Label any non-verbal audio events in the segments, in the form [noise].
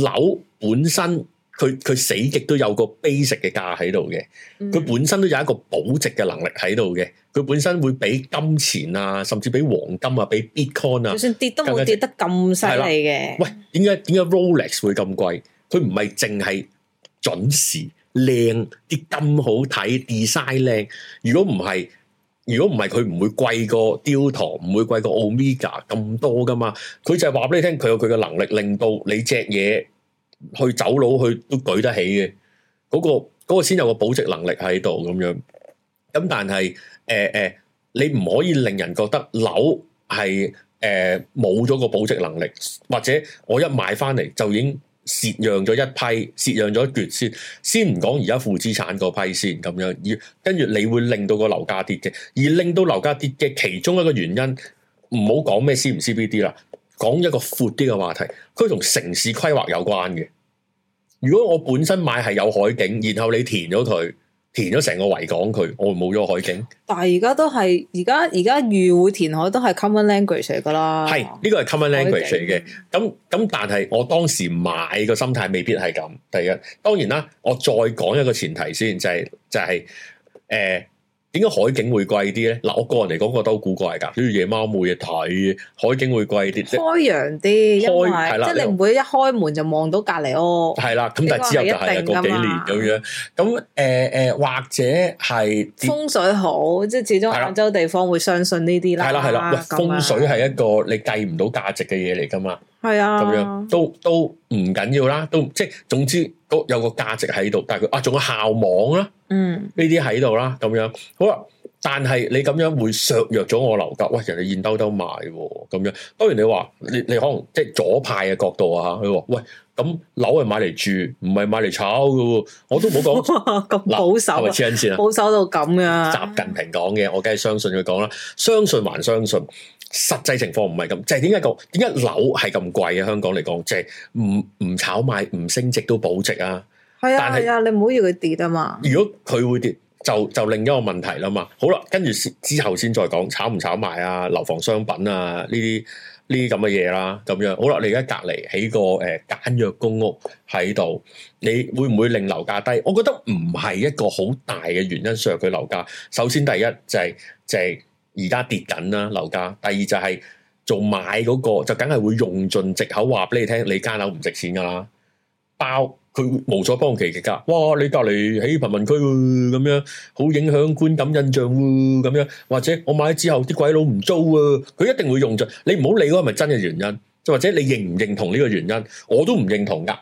樓本身佢佢死極都有個 basic 嘅價喺度嘅，佢本身都有一個保值嘅能力喺度嘅，佢本身會比金錢啊，甚至比黃金啊，比 Bitcoin 啊，就算跌都冇跌得咁犀利嘅。喂，點解點解 Rolex 會咁貴？佢唔係淨係準時靚，啲金好睇，design 靚，如果唔係，如果唔係佢唔會貴過雕堂，唔會貴過 Omega 咁多噶嘛，佢就係話俾你聽，佢有佢嘅能力，令到你隻嘢去走佬去都舉得起嘅，嗰個嗰個先有個保值能力喺度咁樣。咁但係誒誒，你唔可以令人覺得樓係誒冇咗個保值能力，或者我一買翻嚟就已經。撤讓咗一批，蝕讓咗決先，先唔講而家負資產個批先咁樣，而跟住你會令到個樓價跌嘅，而令到樓價跌嘅其中一個原因，唔好講咩 C 唔 C B D 啦，講一個闊啲嘅話題，佢同城市規劃有關嘅。如果我本身買係有海景，然後你填咗佢。填咗成個維港佢，我冇咗海景。但係而家都係，而家而家御湖填海都係 common language 嚟㗎喇。係呢個係 common language 嚟嘅。咁咁景，但係我當時買個心態未必係咁。第一，當然啦，我再講一個前提先，就係、是、就係、是、誒。呃點解海景會貴啲咧？嗱，我個人嚟講，覺都好古怪噶，因為夜貓冇嘢睇，海景會貴啲，開陽啲，為開係啦，即係你唔會一開門就望到隔籬哦。係啦，咁但係之後就係個幾年咁樣。咁誒誒，或者係風水好，了即係始終亞洲地方會相信呢啲啦。係啦係啦，樣喂，風水係一個你計唔到價值嘅嘢嚟噶嘛。係啊了，咁樣都都唔緊要啦，都即係總之有個價值喺度，但係佢啊，仲有校網啦。嗯，呢啲喺度啦，咁樣好啦。但係你咁樣會削弱咗我樓價。喂，人哋現兜兜賣咁樣。當然你話，你你可能即係左派嘅角度啊吓。佢話喂，咁樓係買嚟住，唔係買嚟炒噶。我都冇講，講咁 [laughs] 保守，係咪黐緊線啊？保守到咁噶。習近平講嘅，我梗係相信佢講啦。相信還相信，實際情況唔係咁。即係點解講？點解樓係咁貴嘅？香港嚟講，即係唔唔炒賣，唔升值都保值啊？係啊，係啊，你唔好要佢跌啊嘛！如果佢會跌，就就另一個問題啦嘛。好啦，跟住之後先再講炒唔炒賣啊，樓房商品啊呢啲呢啲咁嘅嘢啦，咁樣。好啦，你而家隔籬起個誒、呃、簡約公屋喺度，你會唔會令樓價低？我覺得唔係一個好大嘅原因上佢樓價。首先第一就係、是、就係而家跌緊啦樓價，第二就係做買嗰、那個就梗係會用盡藉口話俾你聽，你間樓唔值錢噶啦包。佢無所幫其其噶，哇！你隔籬喺貧民區咁樣，好影響觀感印象喎，咁樣或者我買咗之後啲鬼佬唔租啊，佢一定會用着。你唔好理嗰係咪真嘅原因，或者你認唔認同呢個原因，我都唔認同噶，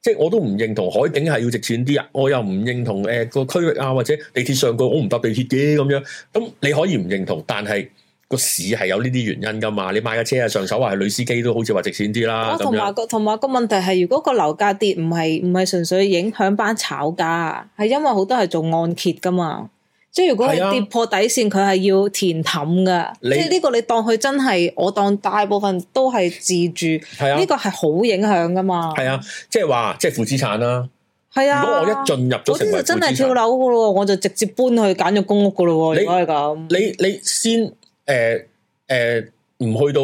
即係我都唔認同海景係要值錢啲啊，我又唔認同誒個區域啊，或者地鐵上蓋我唔搭地鐵嘅咁樣，咁你可以唔認同，但係。個市係有呢啲原因噶嘛？你買架車啊，上手話係女司機都好似話值錢啲啦。同埋個同埋個問題係，如果那個樓價跌唔係唔係純粹影響班炒價，係因為好多係做按揭噶嘛。即係如果係跌破底線，佢係、啊、要填氹噶。你即係呢個你當佢真係，我當大部分都係自住。係啊，呢個係好影響噶嘛。係啊，即係話即係負資產啦。係啊，啊如果我一進入咗，嗰啲真係跳樓噶咯，我就直接搬去簡約公屋噶咯。你如果係咁，你你先。誒誒，唔去到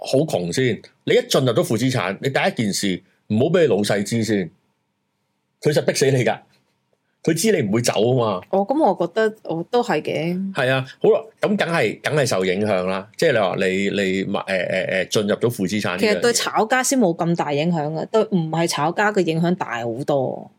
好窮先，你一進入咗負資產，你第一件事唔好俾你老細知先，佢就逼死你噶，佢知你唔會走啊嘛。哦，咁我覺得我都係嘅。係啊，好啦，咁梗係梗係受影響啦，即係你話你你誒誒誒進入咗負資產，其實對炒家先冇咁大影響啊，對唔係炒家嘅影響大好多。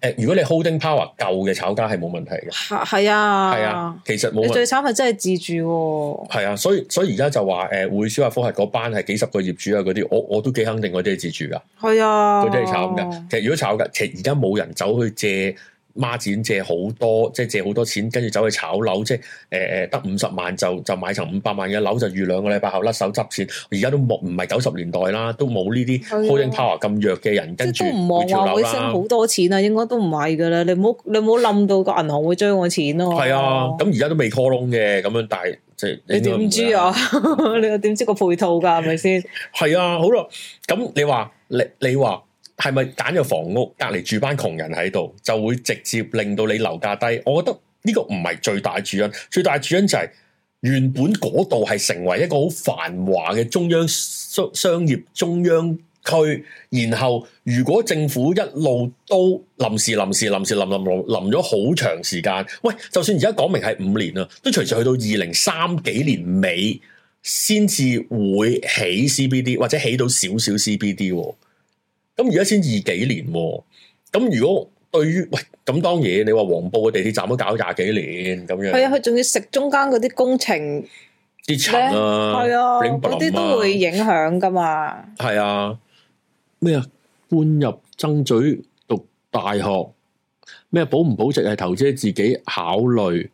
誒，如果你 holding power 夠嘅炒家係冇問題嘅，係啊，係啊，其實冇。你最慘係真係自住，係啊，所以所以而家就話誒，會消銷啊科係嗰班係幾十個業主啊，嗰啲我我都幾肯定，嗰啲係自住噶，係啊，嗰啲係炒噶，其實如果炒噶，其實而家冇人走去借。孖展借好多，即係借好多錢，跟住走去炒樓，即係誒誒得五十萬就就買層五百萬嘅樓，就預兩個禮拜後甩手執錢。而家都冇，唔係九十年代啦，都冇呢啲 holding power 咁弱嘅人跟住都唔望話會升好多錢啊！應該都唔係㗎啦，你唔好你唔好冧到個銀行會追我錢咯。係啊，咁而家都未 call loan 嘅咁樣，但係即係你點知啊？啊 [laughs] 你又點知個配套㗎？係咪先？係啊，好咯、啊，咁你話你你話。係咪揀咗房屋隔籬住班窮人喺度，就會直接令到你樓價低？我覺得呢個唔係最大主因，最大主因就係原本嗰度係成為一個好繁華嘅中央商商業中央區，然後如果政府一路都臨時臨時臨時臨臨臨咗好長時間，喂，就算而家講明係五年啊，都隨時去到二零三幾年尾先至會起 CBD，或者起到少少 CBD。咁而家先二幾年喎，咁如果對於喂咁當然，你話黃埔嘅地鐵站都搞廿幾年咁樣，係啊，佢仲要食中間嗰啲工程跌層啊，係啊，嗰啲都會影響噶嘛，係啊，咩啊搬入爭咀讀大學咩保唔保值係投資自己考慮。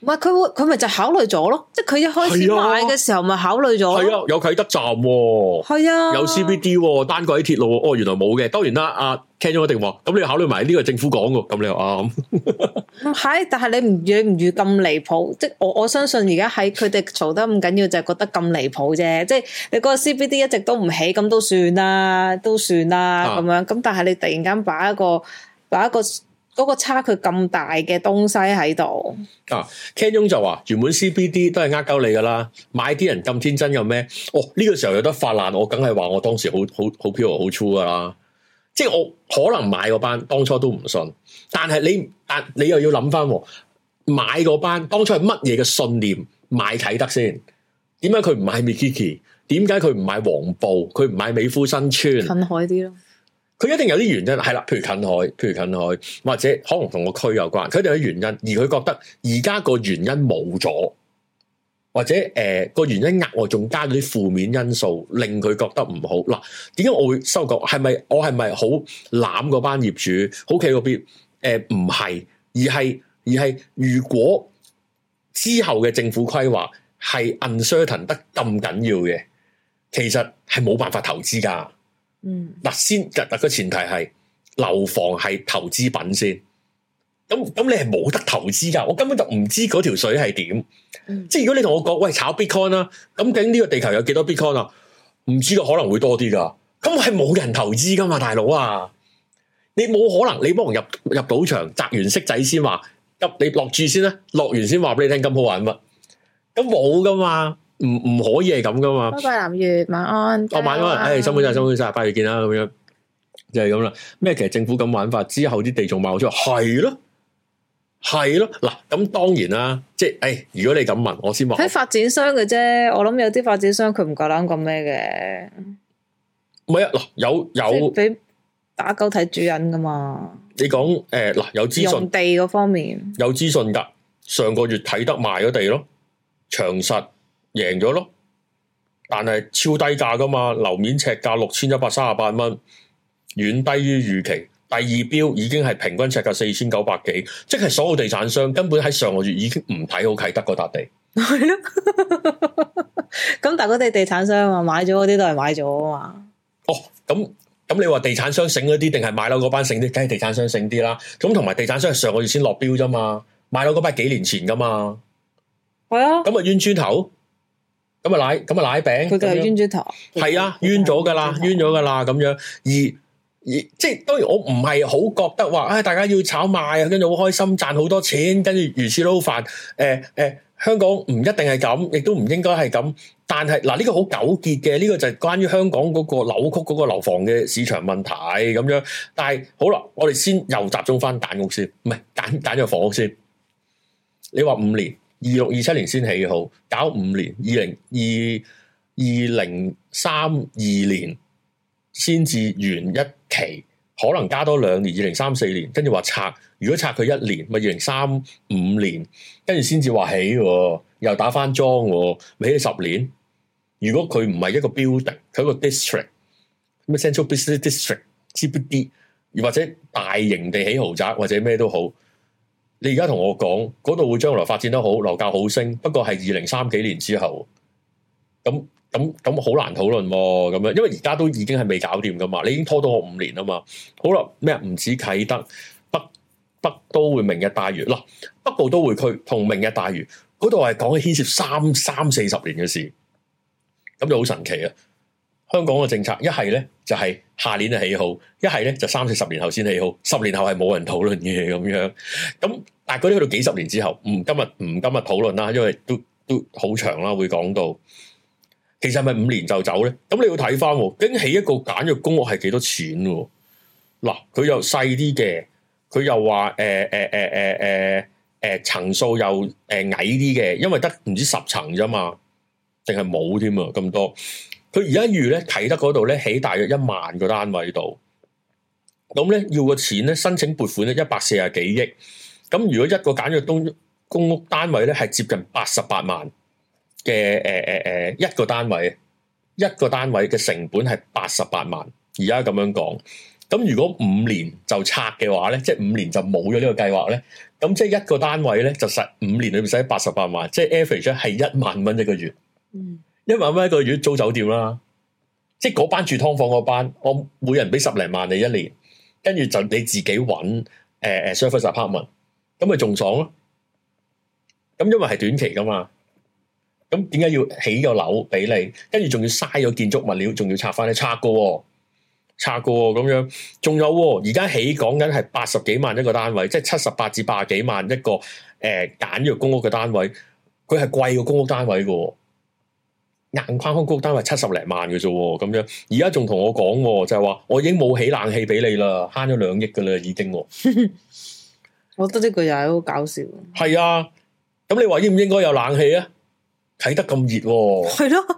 唔係佢會佢咪就考慮咗咯，即係佢一開始買嘅時候咪考慮咗。係啊，有啟德站，係啊，有 CBD 單軌鐵路。哦，原來冇嘅，當然啦。阿 Ken 咗一定話，咁你考慮埋呢個政府講噶，咁你又啱。唔係，但係你唔你唔如咁離譜，即係我我相信而家喺佢哋嘈得咁緊要，就係覺得咁離譜啫。即係你嗰個 CBD 一直都唔起，咁都算啦，都算啦咁樣。咁但係你突然間把一個把一個。嗰個差距咁大嘅東西喺度啊！Ken Jong 就話：原本 CBD 都係呃鳩你噶啦，買啲人咁天真有咩？哦，呢個時候有得發爛，我梗係話我當時好好好 pure 好 true 噶啦。即係我可能買嗰班，當初都唔信。但係你但你又要諗翻買嗰班，當初係乜嘢嘅信念買啟德先？點解佢唔買 Mikiki？點解佢唔買黃埔？佢唔買美孚新村？近海啲咯。佢一定有啲原因，係啦，譬如近海，譬如近海，或者可能同個區有關，佢一定有啲原因，而佢覺得而家個原因冇咗，或者誒個、呃、原因額外仲加咗啲負面因素，令佢覺得唔好。嗱，點解我會收購？係咪我係咪好攬個班業主？好企個邊？誒、呃，唔係，而係而係如果之後嘅政府規劃係 uncertain 得咁緊要嘅，其實係冇辦法投資噶。嗱、嗯、先，嗱個前提係樓房係投資品先。咁咁，你係冇得投資噶，我根本就唔知嗰條水係點。嗯、即係如果你同我講，喂，炒 bitcoin 啦、啊，咁究竟呢個地球有幾多 bitcoin 啊？唔知道可能會多啲噶，咁係冇人投資噶嘛，大佬啊！你冇可能你不如入入賭場摘完骰仔先話入，你落注先啦，落完先話俾你聽咁好玩乜？咁冇噶嘛。唔唔可以係咁噶嘛？拜拜南，南月晚安。哦，晚安。唉、哎，辛苦晒，辛苦晒，八月見啦。咁樣就係咁啦。咩？其實政府咁玩法之後啲地仲賣咗出去？係咯，係咯。嗱，咁當然啦。即係，誒、哎，如果你咁問，我先問睇發展商嘅啫。我諗有啲發展商佢唔夠膽咁咩嘅。唔係啊，嗱，有有俾打狗睇主人噶嘛？你講誒，嗱、呃，有資訊地嗰方面有資訊噶。上個月睇得賣咗地咯，長實。贏咗咯，但係超低價噶嘛，樓面尺價六千一百三十八蚊，遠低於預期。第二標已經係平均尺價四千九百幾，即係所有地產商根本喺上個月已經唔睇好啟德嗰笪地。係咯，咁但係嗰啲地產商啊，買咗嗰啲都係買咗啊嘛。哦，咁咁你話地產商醒嗰啲，定係買樓嗰班醒啲？梗係地產商醒啲啦。咁同埋地產商係上個月先落標啫嘛，買樓嗰班幾年前噶嘛，係啊，咁啊冤磚頭。咁啊奶，咁啊奶餅，佢就係冤住頭，係啊，冤咗噶啦，冤咗噶啦咁樣，而而即係當然我唔係好覺得話，唉、哎、大家要炒賣啊，跟住好開心賺好多錢，跟住如此撈飯，誒、呃、誒、呃，香港唔一定係咁，亦都唔應該係咁，但係嗱呢個好糾結嘅，呢、這個就係關於香港嗰個扭曲嗰個樓房嘅市場問題咁樣。但係好啦，我哋先又集中翻揀屋先，唔係揀揀咗房屋先。你話五年？二六二七年先起好，搞五年，二零二二零三二年先至完一期，可能加多兩年，二零三四年，跟住話拆。如果拆佢一年，咪、就是、二零三五年，跟住先至話起、哦，又打翻樁、哦，起十年。如果佢唔係一個 building，佢一個 district, district，咁 central business district，CBD，或者大型地起豪宅，或者咩都好。你而家同我講嗰度會將來發展得好，樓價好升，不過係二零三幾年之後，咁咁咁好難討論咁樣，因為而家都已經係未搞掂噶嘛，你已經拖到我五年啦嘛，好啦咩？唔止啟德，北北都會明日大嶼嗱、啊，北部都會區同明日大嶼嗰度係講緊牽涉三三四十年嘅事，咁就好神奇啊！香港嘅政策，一係咧就係、就是、下年就起好，一係咧就三四十年後先起好，十年後係冇人討論嘅咁樣。咁但係嗰啲去到幾十年之後，唔今日唔今日討論啦，因為都都好長啦，會講到其實係咪五年就走咧？咁你要睇翻驚起一個簡約公屋係幾多錢？嗱，佢又細啲嘅，佢又話誒誒誒誒誒誒層數又誒矮啲嘅，因為得唔知十層咋嘛？定係冇添啊咁多。佢而家預咧，啟德嗰度咧起大約一萬個單位度，咁咧要個錢咧，申請撥款咧一百四十幾億。咁如果一個簡約公公屋單位咧，係接近八十八萬嘅，誒誒誒一個單位，一個單位嘅成本係八十八萬。而家咁樣講，咁如果五年就拆嘅話咧，即係五年就冇咗呢個計劃咧，咁即係一個單位咧就實五年裏面使八十八萬，即係 average 係一萬蚊一個月。嗯。因為咪一個月租酒店啦，即係嗰班住劏房嗰班，我每人俾十零萬你一年，跟住就你自己揾，誒、呃、service apartment，咁咪仲爽咯。咁因為係短期噶嘛，咁點解要起個樓俾你？跟住仲要嘥咗建築物料，仲要拆翻，你拆過，拆過咁樣，仲有而家起講緊係八十幾萬一個單位，即係七十八至八十幾萬一個誒簡約公屋嘅單位，佢係貴嘅公屋單位噶。硬框公屋單位七十零萬嘅啫，咁樣而家仲同我講就係話，我已經冇起冷氣俾你啦，慳咗兩億嘅啦已經。我覺得呢句又係好搞笑。係啊，咁你話應唔應該有冷氣看啊？睇得咁熱，係咯，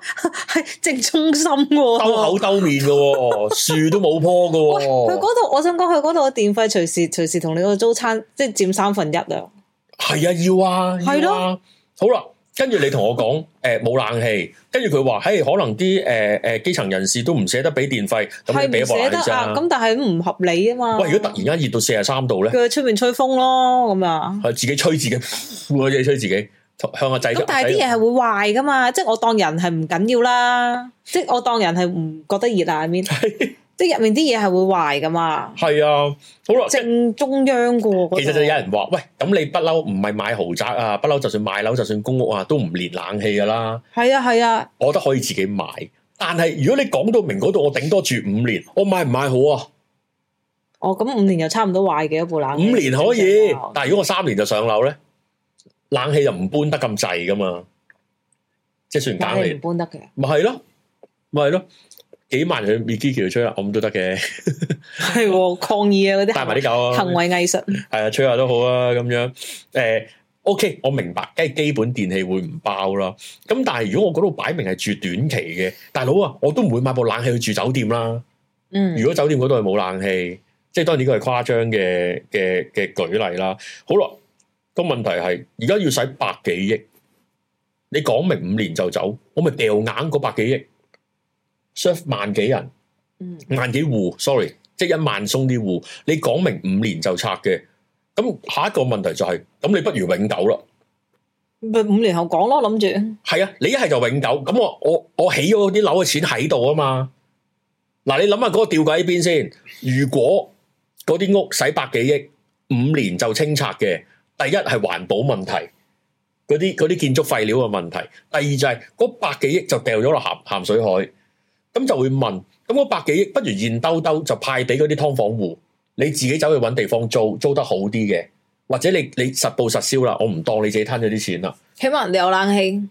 係直中心，啊，兜口兜面嘅，樹 [laughs] 都冇棵嘅。佢嗰度，我想講佢嗰度嘅電費隨時隨時同你個租餐，即係佔三分一啊。係啊，要啊，係咯、啊，啊、好啦。跟住你同我講，誒、呃、冇冷氣，跟住佢話，嘿可能啲誒誒基層人士都唔捨得俾電費，咁咪俾一鑊冷啫。咁但係唔合理啊嘛。喂，如果突然間熱到四十三度咧，佢出面吹風咯，咁啊。係自己吹自己，呵呵自己吹自己向個掣。咁但係啲嘢係會壞噶嘛？即係我當人係唔緊要啦， [laughs] 即係我當人係唔覺得熱啊？面 I mean. [laughs] 即係入面啲嘢係會壞噶嘛？係啊，好啦，正中央噶。嗰個、其實就有人話：喂，咁你不嬲唔係買豪宅啊，不嬲就算買樓，就算公屋啊，都唔連冷氣噶啦。係啊，係啊。我覺得可以自己買，但係如果你講到明嗰度，我頂多住五年，我買唔買好啊？哦，咁五年又差唔多壞嘅一部冷氣？五年可以，但係如果我三年就上樓咧，冷氣就唔搬得咁滯噶嘛？即係算唔搬唔搬得嘅，咪係咯，咪係咯。咪係咯幾萬去 Mikiki 度吹啊，我咁都得嘅？係 [laughs] 抗議啊啲，帶埋啲狗，啊、行為藝術，係啊，吹下都好啊，咁樣誒、uh,，OK，我明白，即係基本電器會唔包啦。咁但係如果我嗰度擺明係住短期嘅大佬啊，我都唔會買部冷氣去住酒店啦。嗯，如果酒店嗰度係冇冷氣，即係當然佢係誇張嘅嘅嘅舉例啦。好啦，那個問題係而家要使百幾億，你講明五年就走，我咪掉硬嗰百幾億。serve 萬幾人，嗯、萬幾戶，sorry，即係一萬鬆啲戶，你講明五年就拆嘅，咁下一個問題就係、是，咁你不如永久咯？咪五年後講咯，諗住係啊，你一係就永久，咁我我我起咗啲樓嘅錢喺度啊嘛，嗱、啊，你諗下嗰個吊詭喺邊先？如果嗰啲屋使百幾億，五年就清拆嘅，第一係環保問題，嗰啲啲建築廢料嘅問題，第二就係、是、嗰百幾億就掉咗落鹹鹹水海。咁就會問，咁嗰百幾億不如現兜兜就派俾嗰啲劏房戶，你自己走去揾地方租，租得好啲嘅，或者你你實報實銷啦，我唔當你自己攤咗啲錢啦。起碼人哋有冷氣，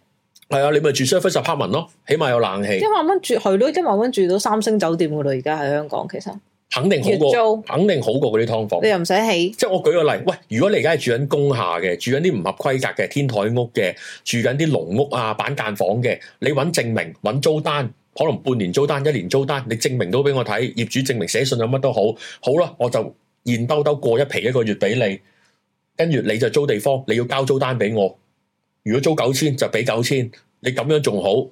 係啊，你咪住 service apartment 咯，起碼有冷氣。一萬蚊住去到一萬蚊住到三星酒店噶啦，而家喺香港其實肯定好過，租肯定好過嗰啲劏房，你又唔使起。即係我舉個例，喂，如果你而家係住緊工下嘅，住緊啲唔合規格嘅天台屋嘅，住緊啲農屋啊板間房嘅，你揾證明揾租單。可能半年租單、一年租單，你證明到俾我睇，業主證明、寫信有乜都好，好啦，我就現兜兜過一皮一個月俾你，跟住你就租地方，你要交租單俾我。如果租九千就俾九千，你咁樣仲好，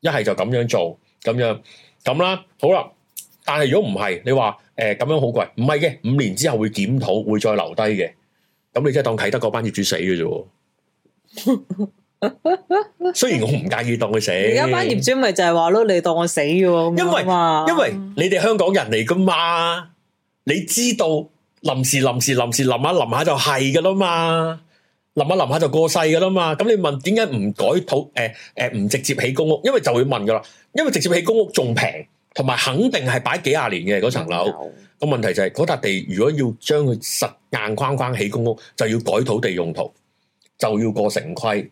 一係就咁樣做，咁樣咁啦，好啦。但係如果唔係，你話誒咁樣好貴，唔係嘅，五年之後會檢討，會再留低嘅。咁你真係當啟德嗰班業主死嘅啫。 [laughs] [laughs] 雖然我唔介意當佢死，而家班業主咪就係話咯，你當我死嘅。因為因為你哋香港人嚟噶嘛，你知道臨時臨時臨時臨下臨下就係噶啦嘛，臨下臨下就過世噶啦嘛。咁你問點解唔改土，誒誒唔直接起公屋？因為就會問噶啦，因為直接起公屋仲平，同埋肯定係擺幾廿年嘅嗰層樓。個、嗯、問題就係嗰笪地如果要將佢實硬框框起公屋，就要改土地用途，就要過城規。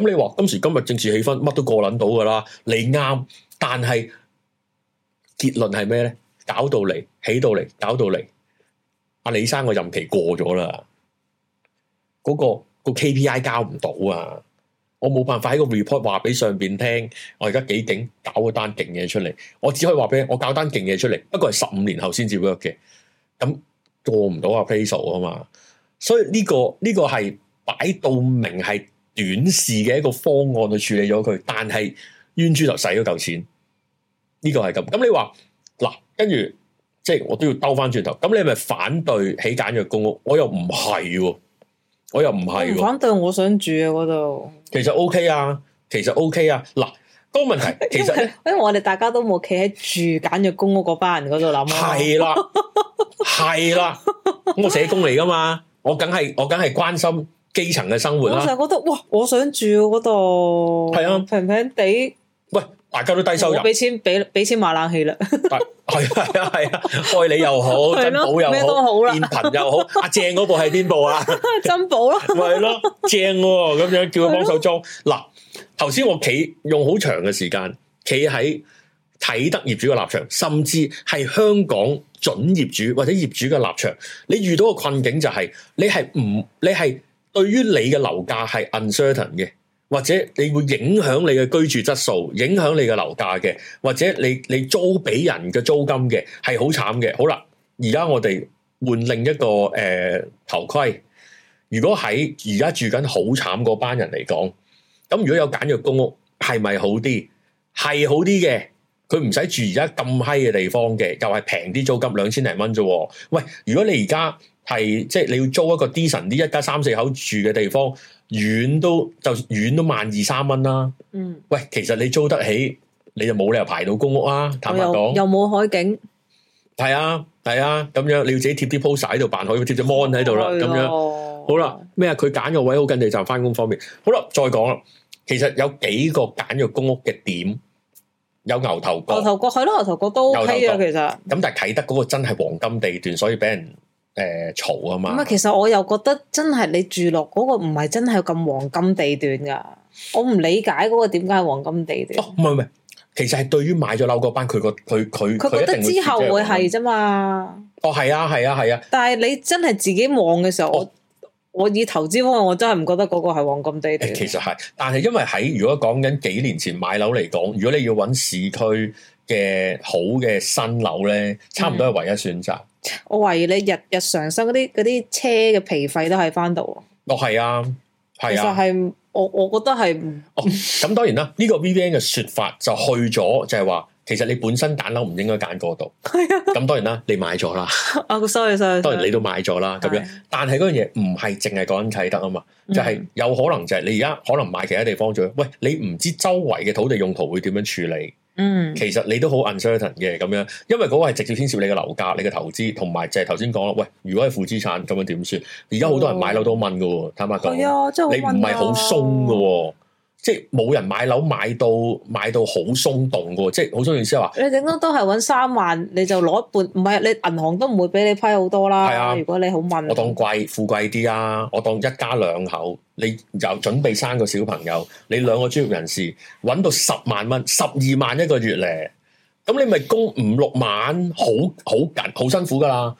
咁你話今時今日政治氣氛乜都過捻到噶啦，你啱，但係結論係咩咧？搞到嚟，起到嚟，搞到嚟，阿李生個任期過咗啦，嗰、那個個 KPI 交唔到啊！我冇辦法喺個 report 話俾上邊聽，我而家幾勁搞嗰單勁嘢出嚟，我只可以話俾你，我搞單勁嘢出嚟，不過係十五年後先至 work 嘅，咁過唔到阿 Peso 啊嘛，所以呢、這個呢、這個係擺到明係。短視嘅一個方案去處理咗佢，但係冤豬頭使咗嚿錢，呢個係咁。咁、嗯、你話嗱，跟住即係我都要兜翻轉頭。咁、嗯、你係咪反對起簡約公屋？我又唔係，我又唔係反對。我想住啊嗰度，其實 OK 啊，其實 OK 啊。嗱，嗰個問題其實因為我哋大家都冇企喺住簡約公屋嗰班人嗰度諗，係啦，係啦。咁 [laughs] 我社工嚟噶嘛，我梗係我梗係關心。基層嘅生活、啊、我就覺得哇，我想住嗰度係啊，啊平平地。喂，大家都低收入，俾錢俾俾錢買冷氣啦，係啊係啊，愛、啊啊、你又好，珍寶又好，變頻又好。阿鄭嗰部係邊部啊？珍寶咯、啊，係咯、 [laughs] 啊，正喎、啊，咁樣叫佢幫手裝。嗱、啊，頭先我企用好長嘅時間，企喺睇得業主嘅立場，甚至係香港準業主或者業主嘅立場。你遇到嘅困境就係、是、你係唔你係。對於你嘅樓價係 uncertain 嘅，或者你會影響你嘅居住質素，影響你嘅樓價嘅，或者你你租俾人嘅租金嘅係好慘嘅。好啦，而家我哋換另一個誒、呃、頭盔。如果喺而家住緊好慘嗰班人嚟講，咁如果有簡約公屋，係咪好啲？係好啲嘅，佢唔使住而家咁閪嘅地方嘅，就係平啲租金兩千零蚊啫。喂，如果你而家。係即係你要租一個 decent 啲一家三四口住嘅地方，遠都就遠都萬二三蚊啦。嗯，喂，其實你租得起，你就冇理由排到公屋啊。又坦白講，又冇海景。係啊，係啊，咁樣你要自己貼啲 p o s t 喺度辦好了，要貼隻 mon 喺度啦。咁樣好啦，咩啊？佢揀個位好近地站，翻工方便。好啦，再講啦。其實有幾個揀咗公屋嘅點，有牛頭角。牛頭角係咯，牛頭角都 OK 啊。其實咁但係啟德嗰個真係黃金地段，所以俾人。誒，嘈啊、呃、嘛！咁啊，其實我又覺得真係你住落嗰個唔係真係咁黃金地段噶，我唔理解嗰個點解係黃金地段。哦，唔係唔係，其實係對於買咗樓嗰班，佢個佢佢佢覺得之後會係啫嘛。哦，係啊，係啊，係啊。但係你真係自己望嘅時候，哦、我我以投資方向，我真係唔覺得嗰個係黃金地段。其實係，但係因為喺如果講緊幾年前買樓嚟講，如果你要揾市區嘅好嘅新樓咧，差唔多係唯一選擇。嗯我懷疑你日日常生嗰啲啲車嘅皮費都喺翻到咯，哦，都係、哦、啊，係啊，係我我覺得係咁。哦、咁當然啦，呢、這個 V V N 嘅說法就去咗，就係話其實你本身揀樓唔應該揀嗰度，係啊。咁當然啦，你買咗啦，啊、 [laughs] oh,，sorry，sorry，sorry. 當然你都買咗啦咁樣。是的但係嗰樣嘢唔係淨係講緊砌得啊嘛，就係、是、有可能就係你而家可能買其他地方做。喂，你唔知周圍嘅土地用途會點樣處理。嗯，其實你都好 uncertain 嘅咁樣，因為嗰個係直接牽涉你嘅樓價、你嘅投資，同埋就係頭先講啦。喂，如果係負資產，咁樣點算？而家好多人買樓都問㗎喎，坦白講，啊、問你唔係好鬆㗎喎，啊、即係冇人買樓買到買到好鬆動㗎喎，即係好鬆嘅意思係話。你整多都係揾三萬，你就攞一半，唔係你銀行都唔會俾你批好多啦。啊，如果你好問，我當貴富貴啲啊，我當一家兩口。你就準備生個小朋友？你兩個專業人士揾到十萬蚊、十二萬一個月咧，咁你咪供五六萬，好好好辛苦噶啦。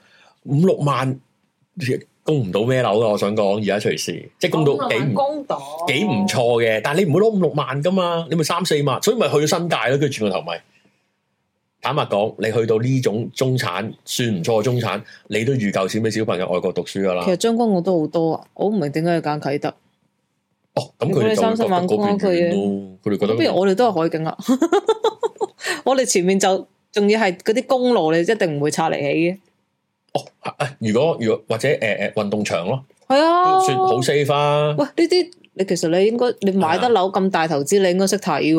五六萬供唔到咩樓啊？我想講而家隨時即係供到幾唔幾唔錯嘅，但你唔會攞五六萬噶嘛，你咪三四萬所以咪去新界咯。跟住轉個頭咪、就是，坦白講，你去到呢種中產，算唔錯嘅中產，你都預夠錢俾小朋友外國讀書噶啦。其實將軍澳我都好多啊，我唔明點解要揀啟德。哦，咁佢三十萬公屋區嘅，佢哋覺得，覺得，不如我哋都係海景啊。 [laughs] 我哋前面就仲要係嗰啲公路，你一定唔會拆嚟起嘅。哦、啊，如果如果或者誒誒運動場咯，係啊，算好西翻。喂，呢啲你其實你應該你買得樓咁大投資，啊、你應該識睇嘅。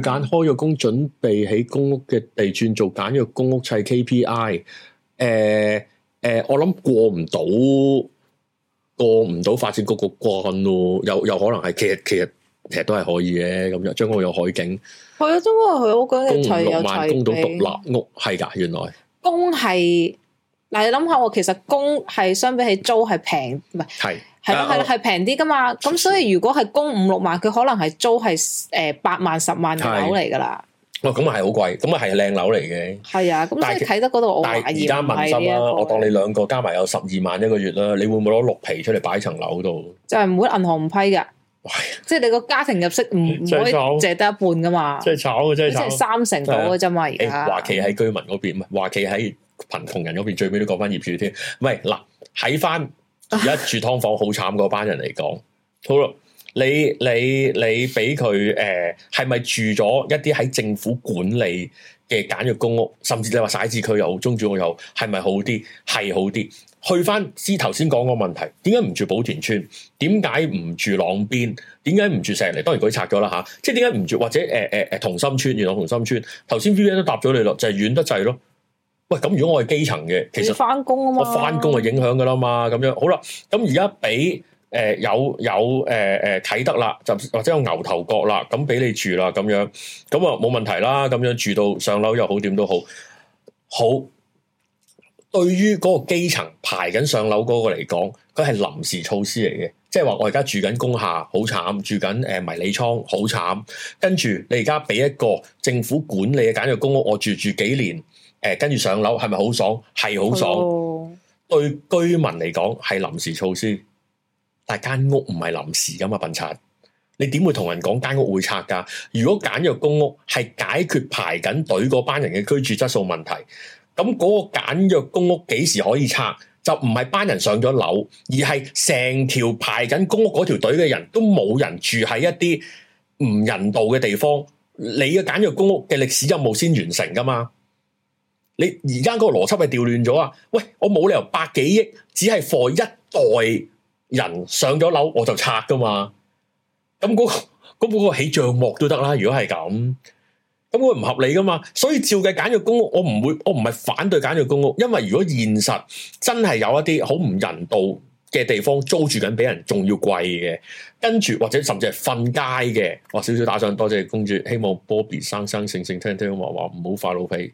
佢揀開咗工，準備喺公屋嘅地，轉做簡約公屋砌 KPI。誒誒、呃呃，我諗過唔到。過唔到發展局個關咯，又又可能係，其實其實其實都係可以嘅。咁樣，將軍澳有海景，係啊，將軍澳佢我覺得有海景，六萬供到獨立屋係噶，原來供係，嗱，你諗下，我其實供係相比起租係平，唔係，係係啦，係啦，係平啲噶嘛，咁我所以如果係供五六萬，佢可能係租係誒八萬十萬嘅樓嚟噶啦。咁啊係好貴，咁啊係靚樓嚟嘅。係啊，咁所以睇得嗰度好牙煙，但係而家民心啦、啊，我當你兩個加埋有十二萬一個月啦、啊，你會唔會攞六皮出嚟擺層樓度？就係唔會，銀行唔批㗎。哎、呀即係你個家庭入息唔唔可以借得一半噶嘛？即係炒嘅真係即係三成到嘅啫嘛？誒、哎，華企喺居民嗰邊，華企喺貧窮人嗰邊，最尾都講翻業主添。喂，嗱，喺翻而家住劏房好慘嗰班人嚟講， [laughs] 好你你你俾佢誒係咪住咗一啲喺政府管理嘅簡約公屋，甚至你話徙置區又好，中轉又好，係咪好啲？係好啲。去翻之頭先講個問題，點解唔住寶田村？點解唔住朗邊？點解唔住石嚟？當然佢拆咗啦吓，即係點解唔住？或者誒、呃呃、同心村？原來同心村頭先 VVN 都答咗你咯，就係、是、遠得滯咯。喂，咁如果我係基層嘅，其實翻工啊嘛，我翻工係影響噶啦嘛，咁樣好啦。咁而家俾。誒、呃，有有誒誒睇得啦，就、呃、或者有牛頭角啦，咁俾你住啦，咁樣咁啊冇問題啦，咁樣住到上樓又好，點都好好。對於嗰個基層排緊上樓嗰個嚟講，佢係臨時措施嚟嘅，即係話我而家住緊工廈，好慘；住緊誒迷你倉，好慘。跟住你而家俾一個政府管理嘅簡約公屋，我住住幾年，誒跟住上樓係咪好爽？係好爽。Hello. 對居民嚟講係臨時措施。但係間屋唔係臨時噶嘛，笨賊，你點會同人講間屋會拆噶？如果簡約公屋係解決排緊隊嗰班人嘅居住質素問題，咁嗰個簡約公屋幾時可以拆？就唔係班人上咗樓，而係成條排緊公屋嗰條隊嘅人都冇人住喺一啲唔人道嘅地方，你嘅簡約公屋嘅歷史任務先完成噶嘛？你而家嗰個邏輯係調亂咗啊？喂，我冇理由百幾億只係放一代。人上咗樓，我就拆噶嘛。咁嗰嗰個起賬幕都得啦。如果係咁，咁會唔合理噶嘛。所以照計簡約公屋，我唔會，我唔係反對簡約公屋，因為如果現實真係有一啲好唔人道嘅地方租住緊，俾人仲要貴嘅，跟住或者甚至係瞓街嘅。我少少打賞，多謝公主。希望 Bobby 生生性性聽聽話話，唔好發老脾。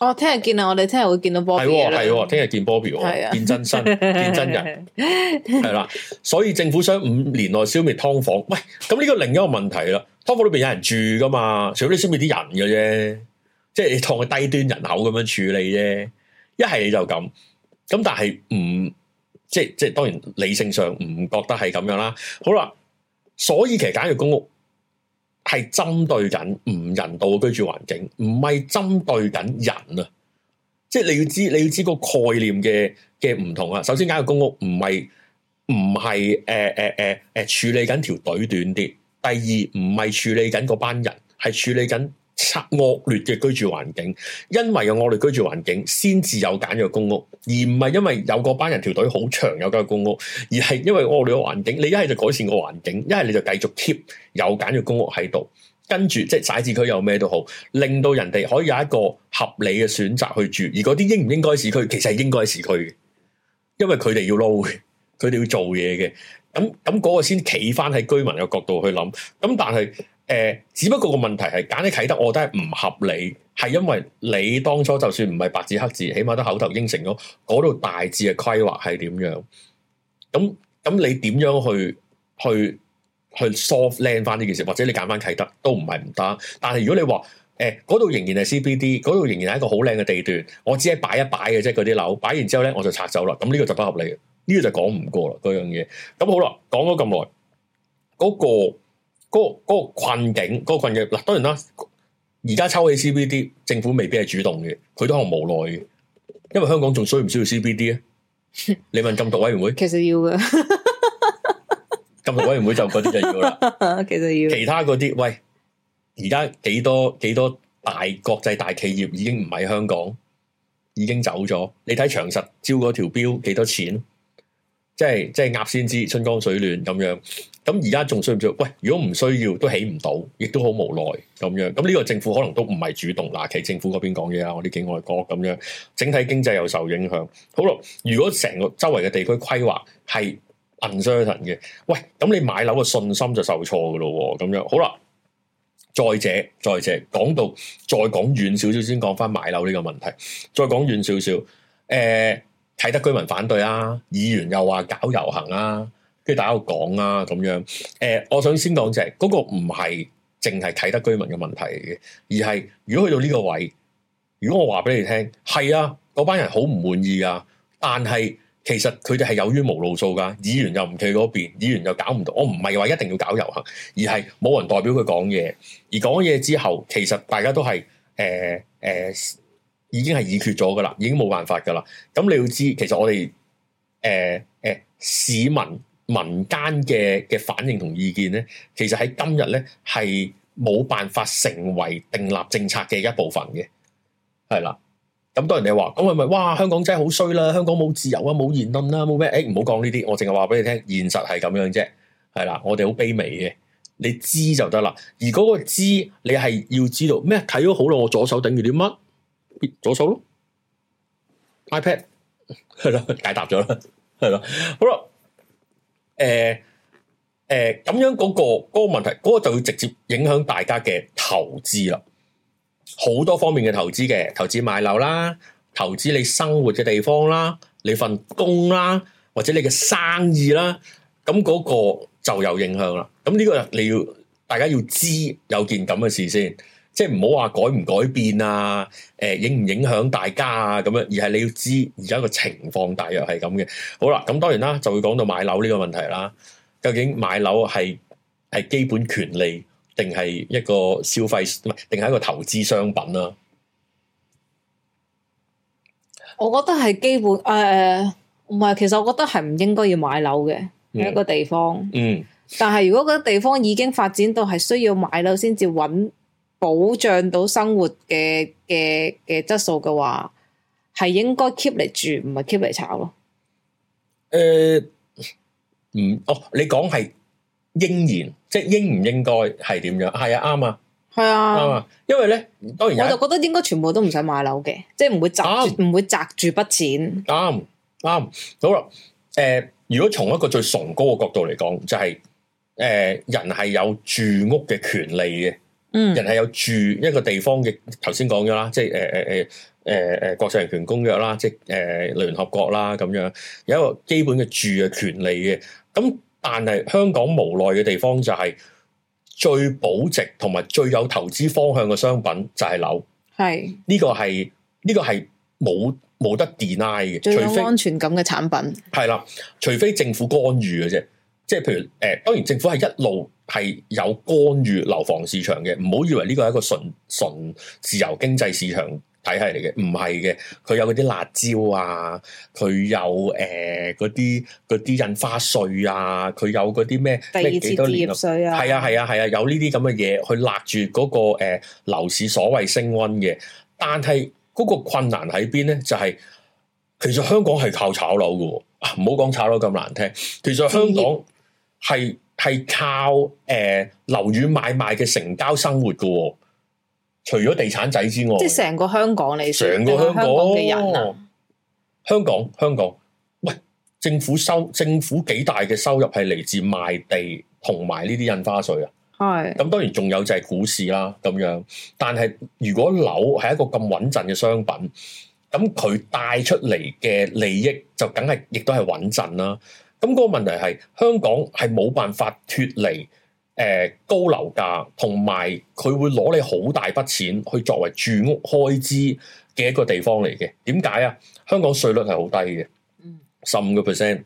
哦，聽日見啊！我哋聽日會見到波比，係係，聽日見波比，見真身，見真人，係啦。 [laughs] 所以政府想五年內消滅劏房，喂，咁呢個另一個問題啦。劏房裏邊有人住噶嘛？除非你消滅啲人嘅啫，即係當佢低端人口咁樣處理啫。一係你就咁，咁但係唔，即係即係，當然理性上唔覺得係咁樣啦。好啦，所以其實簡約公屋。係針對緊唔人道嘅居住環境，唔係針對緊人啊！即係你要知，你要知個概念嘅嘅唔同啊。首先，簡約公屋唔係唔係誒誒誒誒處理緊條隊短啲，第二唔係處理緊嗰班人，係處理緊。拆惡劣嘅居住環境，因為有惡劣居住環境，先至有簡約公屋，而唔係因為有嗰班人條隊好長有間公屋，而係因為惡劣嘅環境。你一係就改善個環境，一係你就繼續 keep 有簡約公屋喺度，跟住即係徙置區有咩都好，令到人哋可以有一個合理嘅選擇去住。而嗰啲應唔應該市區，其實係應該市區嘅，因為佢哋要撈，佢哋要做嘢嘅。咁咁嗰個先企翻喺居民嘅角度去諗。咁但係。誒，只不過個問題係揀啲啟德，我覺得係唔合理，係因為你當初就算唔係白紙黑字，起碼都口頭應承咗嗰度大致嘅規劃係點樣，咁咁你點樣去去去 soft land 翻呢件事，或者你揀翻啟德都唔係唔得，但係如果你話誒嗰度仍然係 CBD，嗰度仍然係一個好靚嘅地段，我只係擺一擺嘅啫，嗰啲樓擺完之後咧我就拆走啦，咁呢個就不合理，呢個就講唔過啦嗰樣嘢。咁好啦，講咗咁耐嗰個。嗰個嗰個困境，嗰個困境嗱，當然啦。而家抽起 CBD，政府未必係主動嘅，佢都可能無奈嘅，因為香港仲需唔需要 CBD 啊？你問禁毒委員會，其實要㗎。禁毒委員會就嗰啲就要啦，其實要。其他嗰啲，喂，而家幾多幾多大國際大企業已經唔喺香港，已經走咗。你睇長實招嗰條標幾多錢？即係即係鴨先知，春江水暖咁樣。咁而家仲需唔需要？喂，如果唔需要都起唔到，亦都好無奈咁樣。咁呢個政府可能都唔係主動，嗱，企政府嗰邊講嘢啊，我哋境外國咁樣，整體經濟又受影響。好咯，如果成個周圍嘅地區規劃係 uncertain 嘅，喂，咁你買樓嘅信心就受挫噶咯，咁樣。好啦，再者，再者，講到再講遠少少，先講翻買樓呢個問題。再講遠少少，誒、呃，睇得居民反對啊，議員又話搞遊行啦、啊。跟大家講啊，咁樣誒、呃，我想先講就係、是、嗰、那個唔係淨係睇得居民嘅問題嘅，而係如果去到呢個位，如果我話俾你哋聽係啊，嗰班人好唔滿意啊，但係其實佢哋係有冤無路訴噶。議員又唔企嗰邊，議員又搞唔到。我唔係話一定要搞遊行，而係冇人代表佢講嘢。而講嘢之後，其實大家都係誒誒已經係議決咗噶啦，已經冇辦法噶啦。咁你要知，其實我哋誒誒市民。民間嘅嘅反應同意見咧，其實喺今日咧係冇辦法成為訂立政策嘅一部分嘅，係啦。咁多人哋話，咁係咪哇，香港真係好衰啦！香港冇自由啊，冇言論啦，冇咩？誒唔好講呢啲，我淨係話俾你聽，現實係咁樣啫。係啦，我哋好卑微嘅，你知就得啦。而嗰個知，你係要知道咩？睇咗好耐，了我左手頂住啲乜？左手咯，iPad，係啦，解答咗啦，係啦，好啦。誒誒，咁樣嗰個嗰個問題，嗰個就會直接影響大家嘅投資啦。好多方面嘅投資嘅，投資買樓啦，投資你生活嘅地方啦，你份工啦，或者你嘅生意啦，咁嗰個就有影響啦。咁呢個你要大家要知有件咁嘅事先。即係唔好話改唔改變啊，誒、嗯、影唔影響大家啊咁樣，而係你要知而家個情況大約係咁嘅。好啦，咁當然啦，就會講到買樓呢個問題啦。究竟買樓係係基本權利，定係一個消費，唔係定係一個投資商品啊？我覺得係基本誒，唔、呃、係，其實我覺得係唔應該要買樓嘅。一個地方，嗯，嗯，但係如果嗰地方已經發展到係需要買樓先至穩。保障到生活嘅嘅嘅質素嘅話，係應該 keep 嚟住，唔係 keep 嚟炒咯。誒、呃，唔、嗯、哦，你講係應然，即係應唔應該係點樣？係啊，啱啊，係啊，啱啊。因為咧，當然我就覺得應該全部都唔使買樓嘅，即係唔會砸，唔對會砸住筆錢。啱啱好啦。誒、呃，如果從一個最崇高嘅角度嚟講，就係、是、誒、呃，人係有住屋嘅權利嘅。嗯、人係有住一個地方嘅，頭先講咗啦，即係誒誒誒誒誒國際人權公約啦，即係誒聯合國啦咁樣，有一個基本嘅住嘅權利嘅。咁但係香港無奈嘅地方就係最保值同埋最有投資方向嘅商品就係樓。係呢是個係呢、呢個係冇冇得 deny 嘅，最有安全感嘅產品。係啦，除非政府干預嘅啫，即係譬如誒、呃，當然政府係一路。係有干預樓房市場嘅，唔好以為呢個係一個純純自由經濟市場體系嚟嘅，唔係嘅，佢有嗰啲辣招啊，佢有誒嗰啲啲印花稅啊，佢有嗰啲咩第二置業稅啊，係啊係啊係啊，啊，有呢啲咁嘅嘢去勒住嗰個誒、呃、樓市所謂升溫嘅，但係嗰個困難喺邊咧？就係、是、其實香港係靠炒樓嘅，唔好講炒樓咁難聽，其實香港係。係靠誒樓宇買賣嘅成交生活噶哦，除咗地產仔之外，即係成個香港，你成個香港嘅人啊，香港香港，喂，政府收政府幾大嘅收入係嚟自賣地同埋呢啲印花稅啊，係咁係，當然仲有就係股市啦，咁樣。但係如果樓係一個咁穩陣嘅商品，咁佢帶出嚟嘅利益就梗係亦都係穩陣啦。咁嗰個問題係香港係冇辦法脱離、呃、高樓價，同埋佢會攞你好大筆錢去作為住屋開支嘅一個地方嚟嘅。點解啊？香港稅率係好低嘅，十五個 percent。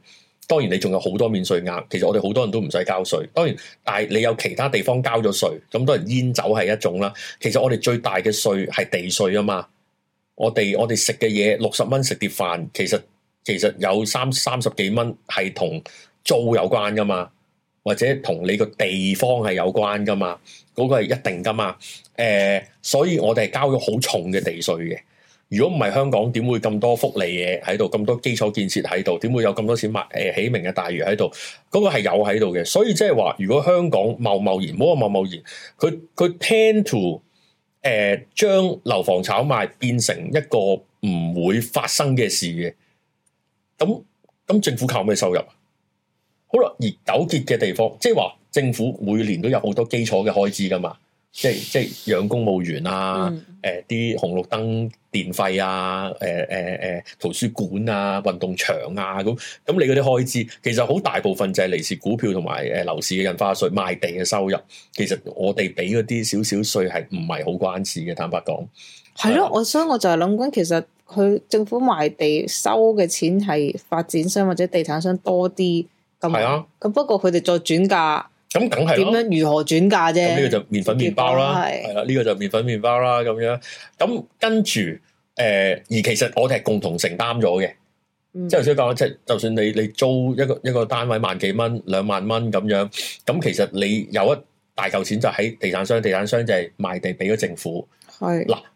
當然你仲有好多免稅額，其實我哋好多人都唔使交稅。當然，但係你有其他地方交咗稅，咁當然煙酒係一種啦。其實我哋最大嘅稅係地稅啊嘛。我哋我哋食嘅嘢六十蚊食碟飯，其實。其實有三三十幾蚊係同租有關噶嘛，或者同你個地方係有關噶嘛，嗰、那個係一定噶嘛。誒、呃，所以我哋係交咗好重嘅地稅嘅。如果唔係香港，點會咁多福利嘢喺度，咁多基礎建設喺度，點會有咁多錢買誒、呃、起名嘅大魚喺度？嗰、那個係有喺度嘅。所以即係話，如果香港貿貿然，唔好話貿貿然，佢佢 tend to 誒將樓房炒賣變成一個唔會發生嘅事嘅。咁咁，政府靠咩收入啊？好啦，而糾結嘅地方，即係話政府每年都有好多基礎嘅開支㗎嘛，即係即係養公務員啊，誒啲、嗯呃、紅綠燈電費啊，誒誒誒圖書館啊、運動場啊咁，咁你嗰啲開支其實好大部分就係嚟自股票同埋誒樓市嘅印花稅、賣地嘅收入。其實我哋俾嗰啲少少稅係唔係好關事嘅？坦白講，係咯了，所以吧我，我就係諗緊其實。佢政府賣地收嘅錢係發展商或者地產商多啲，咁係啊。咁不過佢哋再轉價，咁梗係點樣如何轉價啫？咁呢個就麵粉麵包啦，係啦，呢個就麵粉麵包啦咁樣。咁跟住誒，而其實我哋係共同承擔咗嘅，即係頭先講，即就算你你租一個一個單位萬幾蚊、兩萬蚊咁樣，咁其實你有一大嚿錢就喺地產商，地產商就係賣地俾咗政府，係嗱是。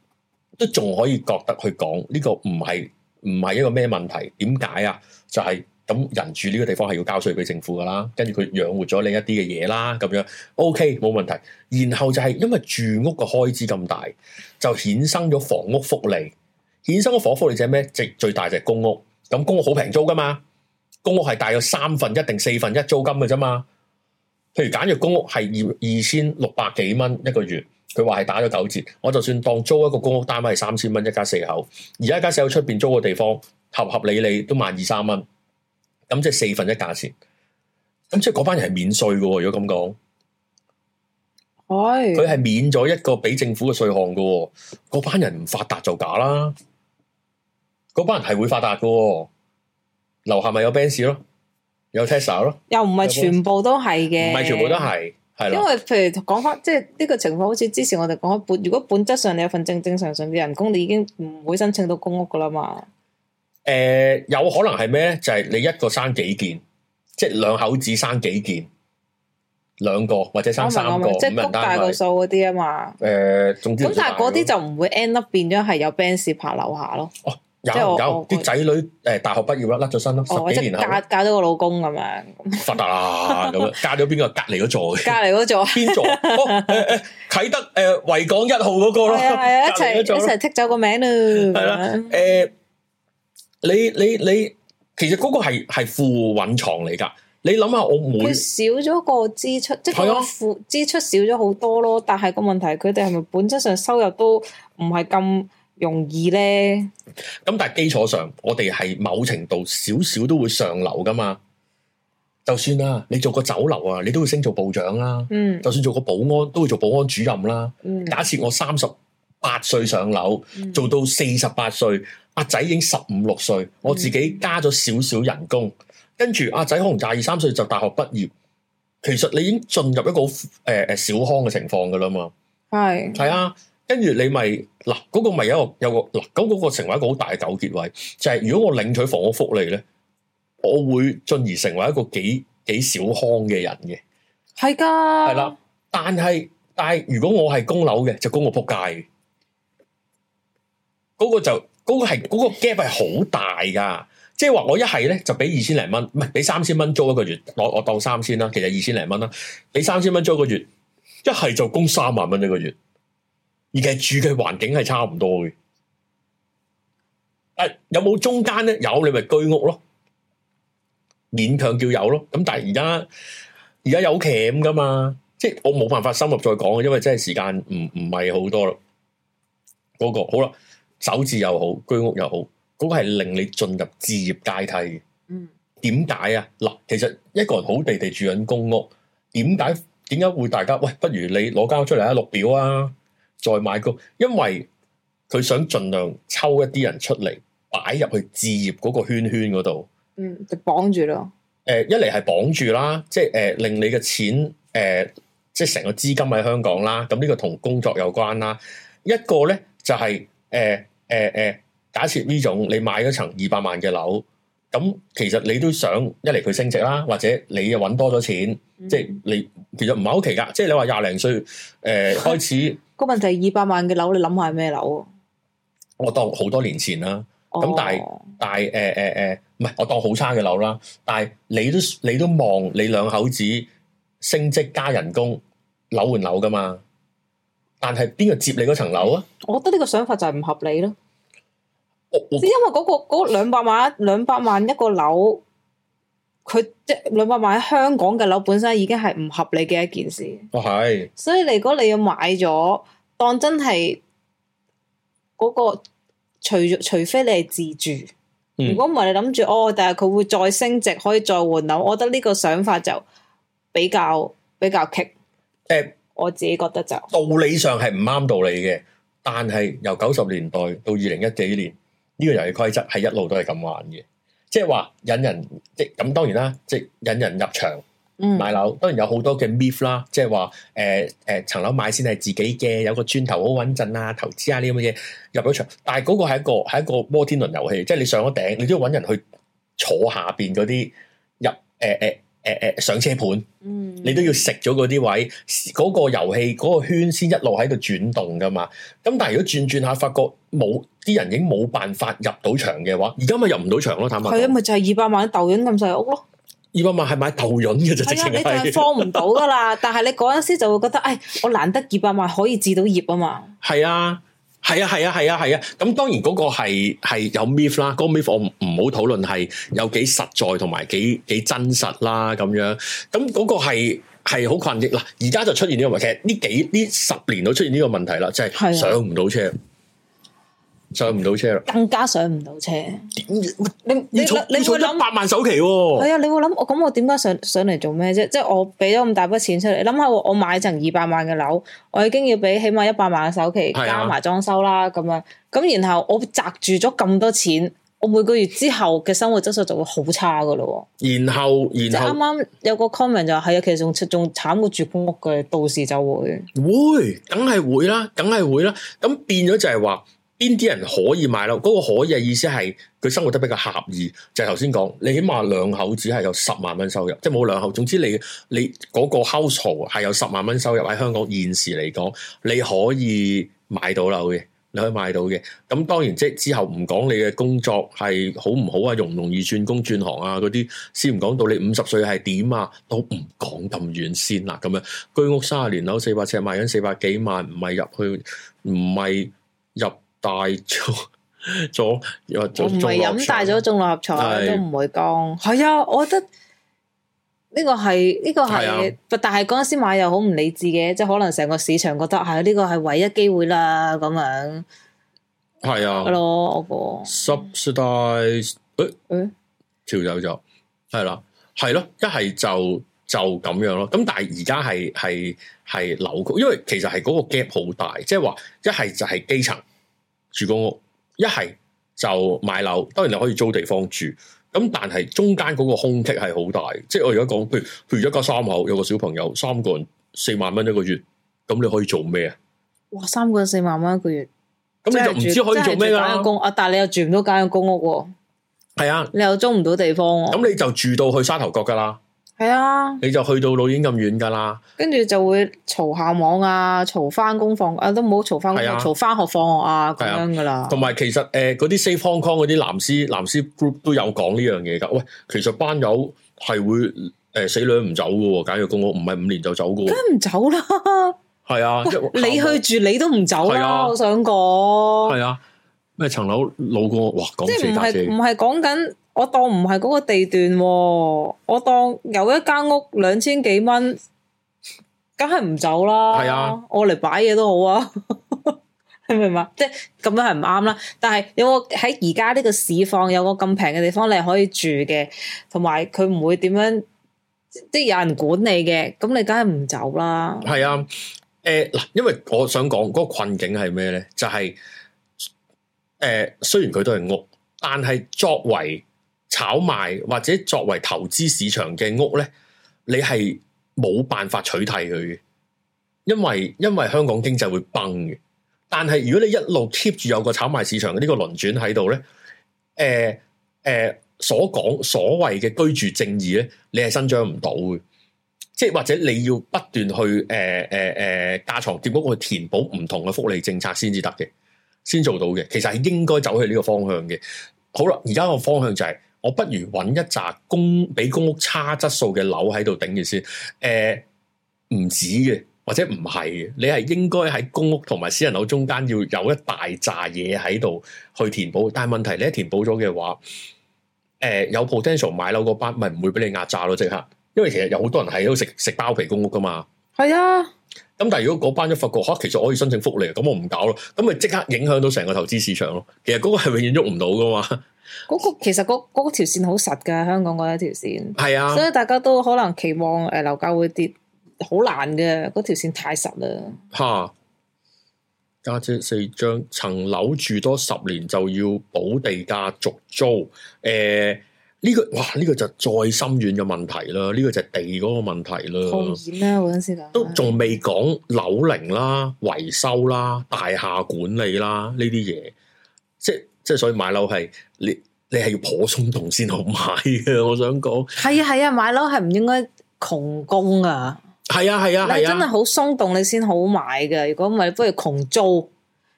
都仲可以覺得去講呢個唔係唔係一個咩問題。點解啊？就係咁人住呢個地方係要交稅俾政府噶啦，跟住佢養活咗你一啲嘅嘢啦，咁樣 OK 冇問題。然後就係因為住屋嘅開支咁大，就衍生咗房屋福利。衍生咗房屋福利就係咩？最最大就係公屋。咁公屋好平租噶嘛？公屋係大約三分一定四分一租金嘅啫嘛。譬如簡約公屋係二二千六百幾蚊一個月。佢話係打咗九折，我就算當租一個公屋單位係三千蚊一家四口，而家一家四口出邊租個地方合合理理都萬二三蚊，咁即係四分一價錢。咁即係嗰班人係免稅嘅，如果咁講，係佢係免咗一個俾政府嘅稅項嘅，嗰班人唔發達就假啦，嗰班人係會發達嘅，樓下咪有 Benz 咯，有 Tesla 咯，又唔係全部都係嘅，唔係全部都係。因為譬如講返，即係呢個情況，好似之前我哋講本，如果本質上你有份正正常常嘅人工，你已經唔會申請到公屋噶啦嘛。誒、呃，有可能係咩咧？就係、是、你一個生幾件，即係兩口子生幾件，兩個或者生三個五人單位嗰啲啊嘛。誒、呃，咁但係嗰啲就唔會 end up 變咗係有 band 拍樓下咯。哦。有有啲仔女誒，大學畢業啦，甩咗身咯，十幾年後嫁嫁咗個老公咁樣，發達啦咁樣，嫁咗邊個隔籬嗰座？隔籬嗰座邊座？啟德誒，維港一號嗰個咯，一齊一齊剔走個名啊。誒，你你你，其實嗰個係係負隱藏嚟噶你諗下，我每少咗個支出，即係負支出少咗好多咯。但係個問題，佢哋係咪本質上收入都唔係咁？容易咧，咁但係基礎上，我哋係某程度少少都會上樓噶嘛。就算啦，你做個酒樓啊，你都會升做部長啦。嗯，就算做個保安，都會做保安主任啦。嗯，假設我三十八歲上樓，嗯，做到四十八歲，阿仔已經十五六歲，我自己加咗少少人工，跟住阿仔可能廿二三歲就大學畢業。其實你已經進入一個好誒誒、呃、小康嘅情況噶啦嘛。係係啊。跟住你咪嗱，嗰個咪有個有個嗱，咁嗰個成為一個好大嘅糾結位，就係如果我領取房屋福利咧，我會進而成為一個幾幾小康嘅人嘅，係噶，係啦。但係但係如果我係供樓嘅，就供個仆街嘅，嗰個就嗰個係嗰個 gap 係好大噶，即係話我一係咧就俾二千零蚊，唔係俾三千蚊租一個月，我我當三千啦，其實二千零蚊啦，俾三千蚊租一個月，一係就供三萬蚊一個月。而家住嘅環境係差唔多嘅，誒、啊，有冇中間咧？有，你咪居屋咯，勉強叫有咯。咁但係而家而家有潛噶嘛？即係我冇辦法深入再講，因為真係時間唔唔係好多咯。嗰個好啦，首置又好，居屋又好，嗰、嗰個係令你進入置業階梯嘅。嗯，點解啊？嗱，其實一個人好地地住緊公屋，點解點解會大家喂？不如你攞交出嚟啊，綠表啊？再買個，因為佢想盡量抽一啲人出嚟擺入去置業嗰個圈圈嗰度，嗯，就綁住咯。誒、呃，一嚟係綁住啦，即係、呃、誒令你嘅錢誒、呃，即係成個資金喺香港啦。咁呢個同工作有關啦。一個咧就係誒誒誒，假設呢種你買咗層二百萬嘅樓。咁其實你都想一嚟佢升值啦，或者你又揾多咗錢，嗯、即係你其實唔係好奇噶即係你話廿零歲誒開始，個 [laughs] 問題係二百萬嘅樓你諗下係咩樓？我當好多年前啦，咁、哦、但係但係誒誒誒，唔、呃、係、呃呃、我當好差嘅樓啦，但係你都你都望你兩口子升職加人工，樓換樓噶嘛但係邊個接你嗰層樓啊？我覺得呢個想法就係唔合理咯。因為嗰、嗰個嗰兩百萬兩百萬一個樓，佢即係兩百萬喺香港嘅樓本身已經係唔合理嘅一件事。哦係，是所以你如果你要買咗，當真係嗰、嗰個除除非你係自住，如果唔係你諗住哦，但係佢會再升值，可以再換樓，我覺得呢個想法就比較比較棘。誒、欸，我自己覺得就道理上係唔啱道理嘅，但係由九十年代到二零一幾年。呢個遊戲規則係一路都係咁玩嘅，即係話引人即咁當然啦，即引人入場買樓。嗯、當然有好多嘅 myth 啦，即係話誒誒層樓買先係自己嘅，有個磚頭好穩陣啊，投資啊呢咁嘅嘢入咗場，但係嗰個係一個係一個摩天輪遊戲，即係你上咗頂，你都要揾人去坐下邊嗰啲入誒誒誒誒上車盤，嗯，你都要食咗嗰啲位，嗰、嗰個遊戲嗰、嗰個圈先一路喺度轉動噶嘛。咁但係如果轉轉下，發覺冇。啲人已經冇辦法入到場嘅話，而家咪入唔到場咯。坦白係啊，咪就係二百萬豆潤咁細屋咯。二百萬係買豆潤嘅、啊、就正正係。啊、放唔到噶啦， [laughs] 但係你嗰陣時就會覺得，誒、哎，我難得二百萬可以置到業啊嘛。係啊，係啊，係啊，係啊，咁、啊、當然嗰個係有 myth 啦。嗰 myth 我唔好討論係有幾實在同埋幾真實啦咁樣。咁嗰個係好困逆啦。而家就出現呢、這個問題，呢幾呢十年都出現呢個問題啦，就係、是、上唔到車。上唔到車咯，更加上唔到車。點？你你你你做百萬首期，啊？係啊、哎，你會諗我咁，就是，我點解上上嚟做咩啫？即係我俾咗咁大筆錢出嚟，諗下我買層二百萬嘅樓，我已經要俾起碼一百萬嘅首期加裝，加埋裝修啦咁樣，咁然後我擇住咗咁多錢，我每個月之後嘅生活質素就會好差噶咯。然後然後啱啱有個 comment 就係啊，其實仲仲慘過住公屋嘅，到時就會會，梗係會啦，梗係會啦。咁變咗就係話。邊啲人可以買樓？嗰個可以嘅意思係，佢生活得比較合意。就係頭先講，你起碼兩口子係有十萬蚊收入，即係冇兩口。總之你你嗰個 household 係有十萬蚊收入喺香港現時嚟講，你可以買到樓嘅，你可以買到嘅。咁當然即係之後唔講你嘅工作係好唔好啊，容唔容易轉工轉行啊嗰啲。先唔講到你五十歲係點啊，都唔講咁遠先啦。咁樣居屋三十年樓四百尺賣緊四百幾萬，唔係入去，唔係入。大咗，咗 [laughs] 唔係飲大咗是的，中六合彩，都唔會講。係啊，我覺得呢個係呢、這個係，是的 但係嗰陣時買又好唔理智嘅，即係可能成個市場覺得係呢個係唯一機會啦，咁樣。係啊，咯，我個 subsidize 誒誒，唉跳走咗，係啦，係咯，一係就就咁樣咯。咁但係而家係係係扭曲，因為其實係嗰個 gap 好大，即係話一係就係基層。住公屋一係就買樓，當然你可以租地方住。咁但係中間嗰個空隙係好大，即係我而家講，譬如，譬如一家三口有個小朋友，三個人四萬蚊一個月，咁你可以做咩啊？哇，三個人四萬蚊一個月，咁你就唔知可以做咩噶？啊，但係你又住唔到間公屋，係啊，你又租唔到地方，啊，咁你就住到去沙頭角噶啦。係啊，你就去到老遠咁遠噶啦，跟住就會嘈校網啊，嘈翻工放啊，都唔好嘈翻，嘈翻、啊、學放學啊咁樣噶啦。同埋、啊、其實誒，嗰啲 Safe Hong Kong 嗰啲藍絲藍絲 group 都有講呢樣嘢噶。喂，其實班友係會誒、呃、死女唔走噶，假如公屋唔係五年就走噶，梗唔走啦。係啊， [laughs] 你去住你都唔走啦。啊、我想講，係啊，咩層樓路過哇，講即係唔係唔係講緊。家四家不是我當唔係嗰個地段、哦，我當有一間屋兩千幾蚊，梗係唔走啦。係是啊，我嚟擺嘢都好啊，係咪嘛？即係咁樣係唔啱啦。但係有我喺而家呢個市況，有個咁平嘅地方，你係可以住嘅，同埋佢唔會點樣即係有人管理嘅，咁你梗係唔走啦。係啊，誒、呃、嗱，因為我想講嗰、那個困境係咩咧？就係、是、誒、呃，雖然佢都係屋，但係作為。炒賣或者作為投資市場嘅屋咧，你係冇辦法取替佢嘅，因為因為香港經濟會崩嘅。但係如果你一路 keep 住有個炒賣市場嘅呢個輪轉喺度咧，誒、呃、誒、呃、所講所謂嘅居住正義咧，你係伸張唔到嘅，即係或者你要不斷去誒誒誒架床疊屋去填補唔同嘅福利政策先至得嘅，先做到嘅。其實係應該走去呢個方向嘅。好啦，而家個方向就係、是。我不如揾一紮公比公屋差質素嘅樓喺度頂住先。誒、呃，唔止嘅，或者唔係嘅，你係應該喺公屋同埋私人樓中間要有一大扎嘢喺度去填補。但係問題，你一填補咗嘅話，誒、呃、有 potential 買樓嗰班咪唔會俾你壓榨咯，即刻。因為其實有好多人喺度食食包皮公屋㗎嘛。係啊，咁但係如果嗰班一發覺，吓，其實我可以申請福利，咁我唔搞咯，咁咪即刻影響到成個投資市場咯。其實嗰個係永遠喐唔到噶嘛。嗰、嗰個其實條、嗰個、線好實噶，香港嗰一條線係啊，所以大家都可能期望誒樓價會跌，好難嘅，嗰條線太實啦。吓、啊，家姐，姐四張層樓住多十年就要補地價續租，誒、欸。呢個哇，呢個就再深遠嘅問題啦，呢個就地嗰個問題啦。當然啦，嗰陣時都仲未講樓齡啦、維修啦、大廈管理啦呢啲嘢，即即係所以買樓係你你係要頗鬆動先好買嘅。我想講，係啊係啊，買樓係唔應該窮供啊，係啊係啊係啊，真係好鬆動你先好買嘅。如果唔係，不如窮租。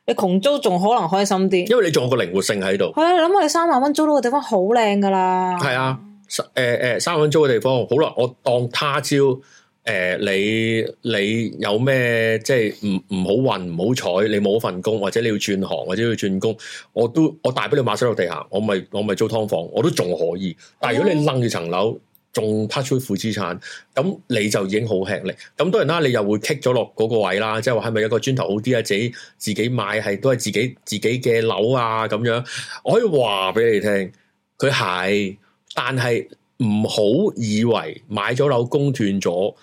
你窮租仲可能開心啲，因為你仲有個靈活性喺度。係啊，諗下你三萬蚊租到個地方好靚噶啦。係啊，誒、呃、誒，三萬蚊租嘅地方好啦，我當他朝，誒、呃，你你有咩即係唔唔好運唔好彩，你冇份工或者你要轉行或者要轉工，我都我大俾你馬上落地下，我咪我咪租劏房，我都仲可以。但係如果你掹住層樓。哦仲拋出負資產，咁你就已經好吃力。咁當然啦，你又會 k 咗落嗰個位啦，即係話，係咪一個磚頭好啲啊？自己自己買係都係自己自己嘅樓啊咁樣。我可以話俾你聽，佢係，但係唔好以為買咗樓供斷咗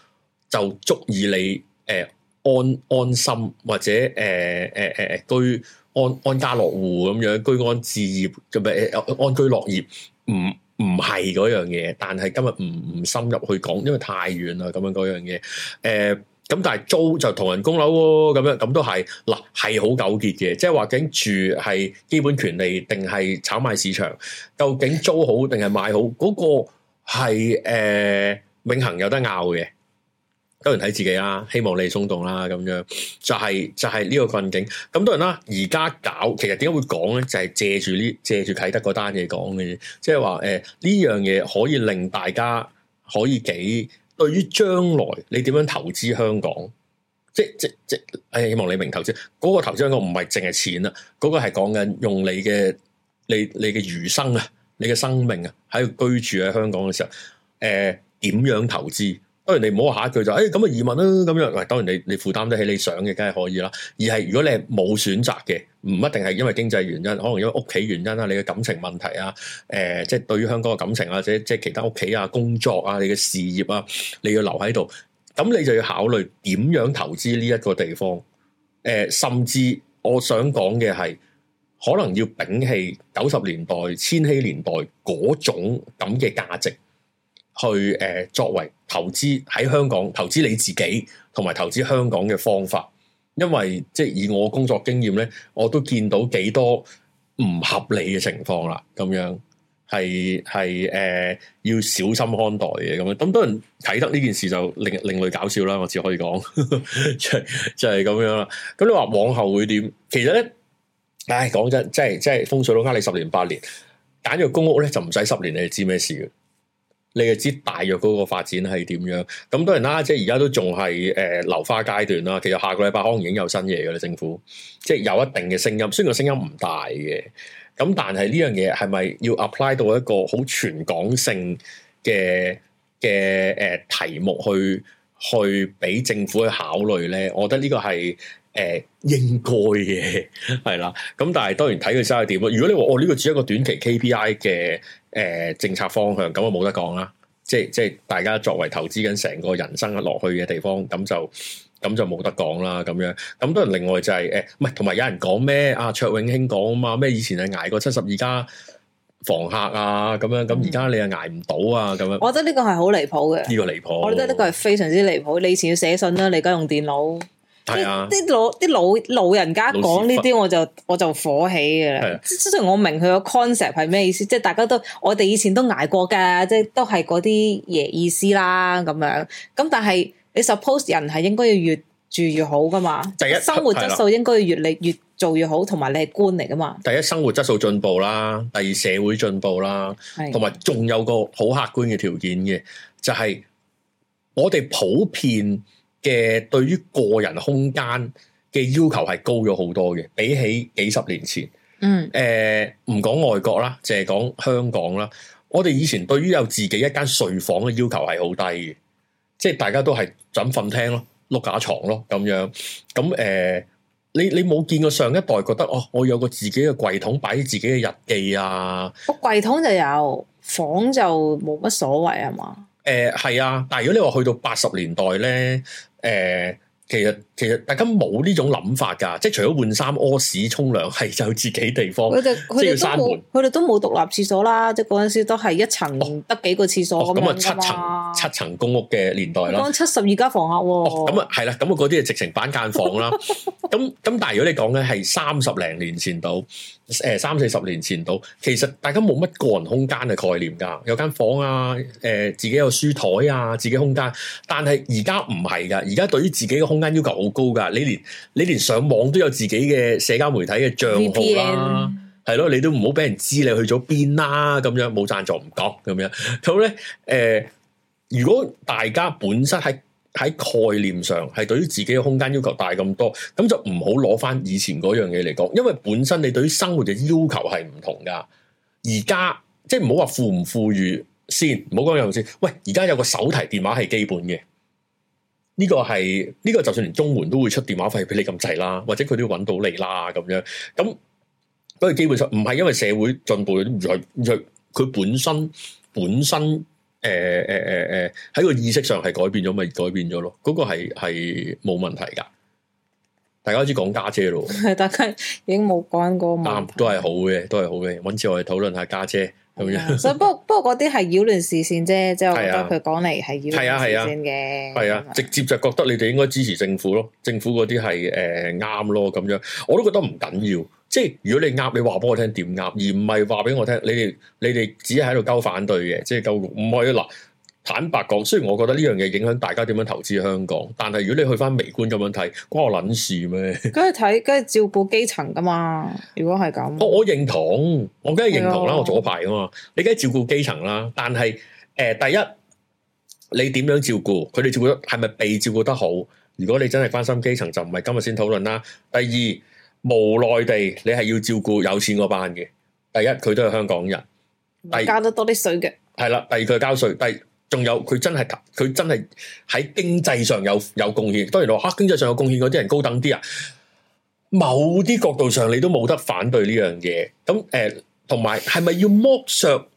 就足以你誒、呃、安安心或者誒誒誒居安安家落戶咁樣居安置業，唔、呃、誒安居樂業唔。嗯唔係嗰樣嘢，但係今日唔唔深入去講，因為太遠啦。咁樣嗰樣嘢，誒、呃、咁，但係租就同人供樓喎、哦，咁樣咁都係嗱，係好糾結嘅，即係話究竟住係基本權利定係炒賣市場，究竟租好定係買好，嗰、嗰個係、呃、永恆有得拗嘅。多人睇自己啦、啊，希望你鬆動啦、啊，咁樣就係、是、就係、是、呢個困境。咁多人啦、啊，而家搞其實點解會講咧？就係、是、借住呢借住啟德嗰單嘢講嘅，即係話誒呢樣嘢可以令大家可以幾對於將來你點樣投資香港？即即即誒、哎，希望你明投資嗰、那個投資香港唔係淨係錢啊，嗰、那個係講緊用你嘅你你嘅餘生啊，你嘅生命啊，喺度居住喺香港嘅時候，誒、呃、點樣投資？當然你唔好下一句就誒咁啊，移民啦，咁樣，喂，當然你你負擔得起你想嘅，梗係可以啦。而係如果你係冇選擇嘅，唔一定係因為經濟原因，可能因為屋企原因啊，你嘅感情問題啊，誒、呃，即係對於香港嘅感情啊，或者即係其他屋企啊、工作啊、你嘅事業啊，你要留喺度，咁你就要考慮點樣投資呢一個地方。誒、呃，甚至我想講嘅係，可能要摒棄九十年代、千禧年代嗰種咁嘅價值。去誒、呃，作為投資，喺香港投資你自己，同埋投資香港嘅方法，因為即係以我工作經驗咧，我都見到幾多唔合理嘅情況啦。咁樣係係誒，要小心看待嘅咁樣。咁多人睇得呢件事就另另類搞笑啦。我只可以講就係、就係、係、咁樣啦。咁你話往後會點？其實咧，唉，講真，即係即係風水佬呃你十年八年揀咗公屋咧，就唔使十年你知咩事嘅。你就知大約嗰個發展係點樣。咁當然啦，即係而家都仲係呃流花階段啦。其實下個禮拜可能已經有新嘢㗎喇，政府即係有一定嘅聲音，雖然個聲音唔大嘅。咁但係呢樣嘢係咪要 apply 到一個好全港性嘅嘅、呃、題目去去俾政府去考慮咧？我覺得呢個係誒、呃、應該嘅，係 [laughs] 啦。咁但係當然睇佢 sell 係點啊。如果你話我呢個只係一個短期 KPI 嘅。誒、呃，政策方向咁啊，冇得講啦。即係即係，大家作為投資緊成個人生嘅落去嘅地方，咁就咁就冇得講啦。咁樣咁都係另外就係、是、誒，唔係同埋有人講咩、啊、卓永興講啊嘛，咩以前係挨過七十二家房客啊，咁樣咁而家你又挨唔到啊，咁樣。我覺得呢個係好離譜嘅，呢個離譜。我覺得呢個係非常之離譜。你以前要寫信啦，你而家用電腦。啲啲、啊、老啲老老人家講呢啲我就師我就火起嘅啦，啊、即係我明佢個 concept 係咩意思，即係大家都我哋以前都挨過噶，即係都係嗰啲嘢意思啦咁樣。咁但係你 suppose 人係應該要越住越好噶嘛，第一，生活質素應該要越嚟越做越好，同埋你係官嚟噶嘛。第一生活質素進步啦，第二社會進步啦，同埋仲有一個好客觀嘅條件嘅，就係、是、我哋普遍。嘅對於個人空間嘅要求係高咗好多嘅，比起幾十年前，嗯，誒唔講外國啦，淨係講香港啦。我哋以前對於有自己一間睡房嘅要求係好低嘅，即係大家都係枕瞓廳咯、碌架床咯咁樣。咁、呃、誒，你你冇見過上一代覺得哦，我有個自己嘅櫃桶擺啲自己嘅日記啊，個櫃桶就有，房就冇乜所謂係嘛？誒係、呃、啊，但係如果你話去到八十年代咧。誒、呃，其實其實大家冇呢種諗法噶，即係除咗換衫屙屎沖涼係就自己地方，佢哋佢哋都冇，佢哋都冇獨立廁所啦，即係嗰陣時都係一層得幾個廁所咁啊，七層七層公屋嘅年代啦，講七十二家房客，啊，哦，咁啊係啦，咁啊嗰啲係直情板間房啦，咁咁 [laughs] 但係如果你講咧係三十零年前到。誒，三四十年前到，其實大家冇乜個人空間嘅概念噶，有間房啊，誒、呃，自己有書台啊，自己空間。但係而家唔係噶，而家對於自己嘅空間要求好高噶，你連你連上網都有自己嘅社交媒體嘅賬號啦、啊，係咯 VPN，你都唔好俾人知你去咗邊啦，咁樣冇贊助唔講咁樣。咁咧，誒、呃，如果大家本身係。喺概念上，係對於自己嘅空間要求大咁多，咁就唔好攞返以前嗰樣嘢嚟講，因為本身你對於生活嘅要求係唔同噶。而家即係唔好話富唔富裕先，唔好講有冇先。喂，而家有個手提電話係基本嘅，呢個係呢個就算連中門都會出電話費俾你咁滯啦，或者佢都要揾到你啦咁樣。咁嗰基本上唔係因為社會進步，佢本身本身。本身誒誒誒誒，喺、呃呃呃呃，個意識上係改變咗，咪改變咗咯，嗰、那個係係冇問題噶。大家好似講家姐咯，係 [laughs] 大家已經冇講過，過嘛，都係好嘅，都係好嘅。搵次我哋討論下家姐咁樣。所以不過不過嗰啲係擾亂視線啫，即係、啊、我覺得佢講嚟係擾亂視線嘅。係啊，啊直接就覺得你哋應該支持政府咯，政府嗰啲係誒啱咯，咁樣我都覺得唔緊要。即係如果你呃，你話俾我聽點呃，而唔係話俾我聽，你哋你哋只喺度交反對嘅。即係交唔係啊嗱，坦白講，雖然我覺得呢樣嘢影響大家點樣投資香港，但係如果你去翻微觀咁樣睇，關我撚事咩？梗係睇，梗係照顧基層噶嘛。如果係咁，我、哦、我認同，我梗係認同啦。的我左派噶嘛，你梗係照顧基層啦。但係誒、呃，第一你點樣照顧佢哋照顧得係咪被照顧得好？如果你真係關心基層，就唔係今日先討論啦。第二。無奈地，你係要照顧有錢嗰班嘅。第一，佢都係香港人；第二，交得多啲稅嘅。係啦，第二佢交稅，第仲有佢真係佢真係喺經濟上有有貢獻。當然啦，吓、啊、經濟上有貢獻嗰啲人高等啲啊。某啲角度上，你都冇得反對呢樣嘢。咁誒，同埋係咪要剝削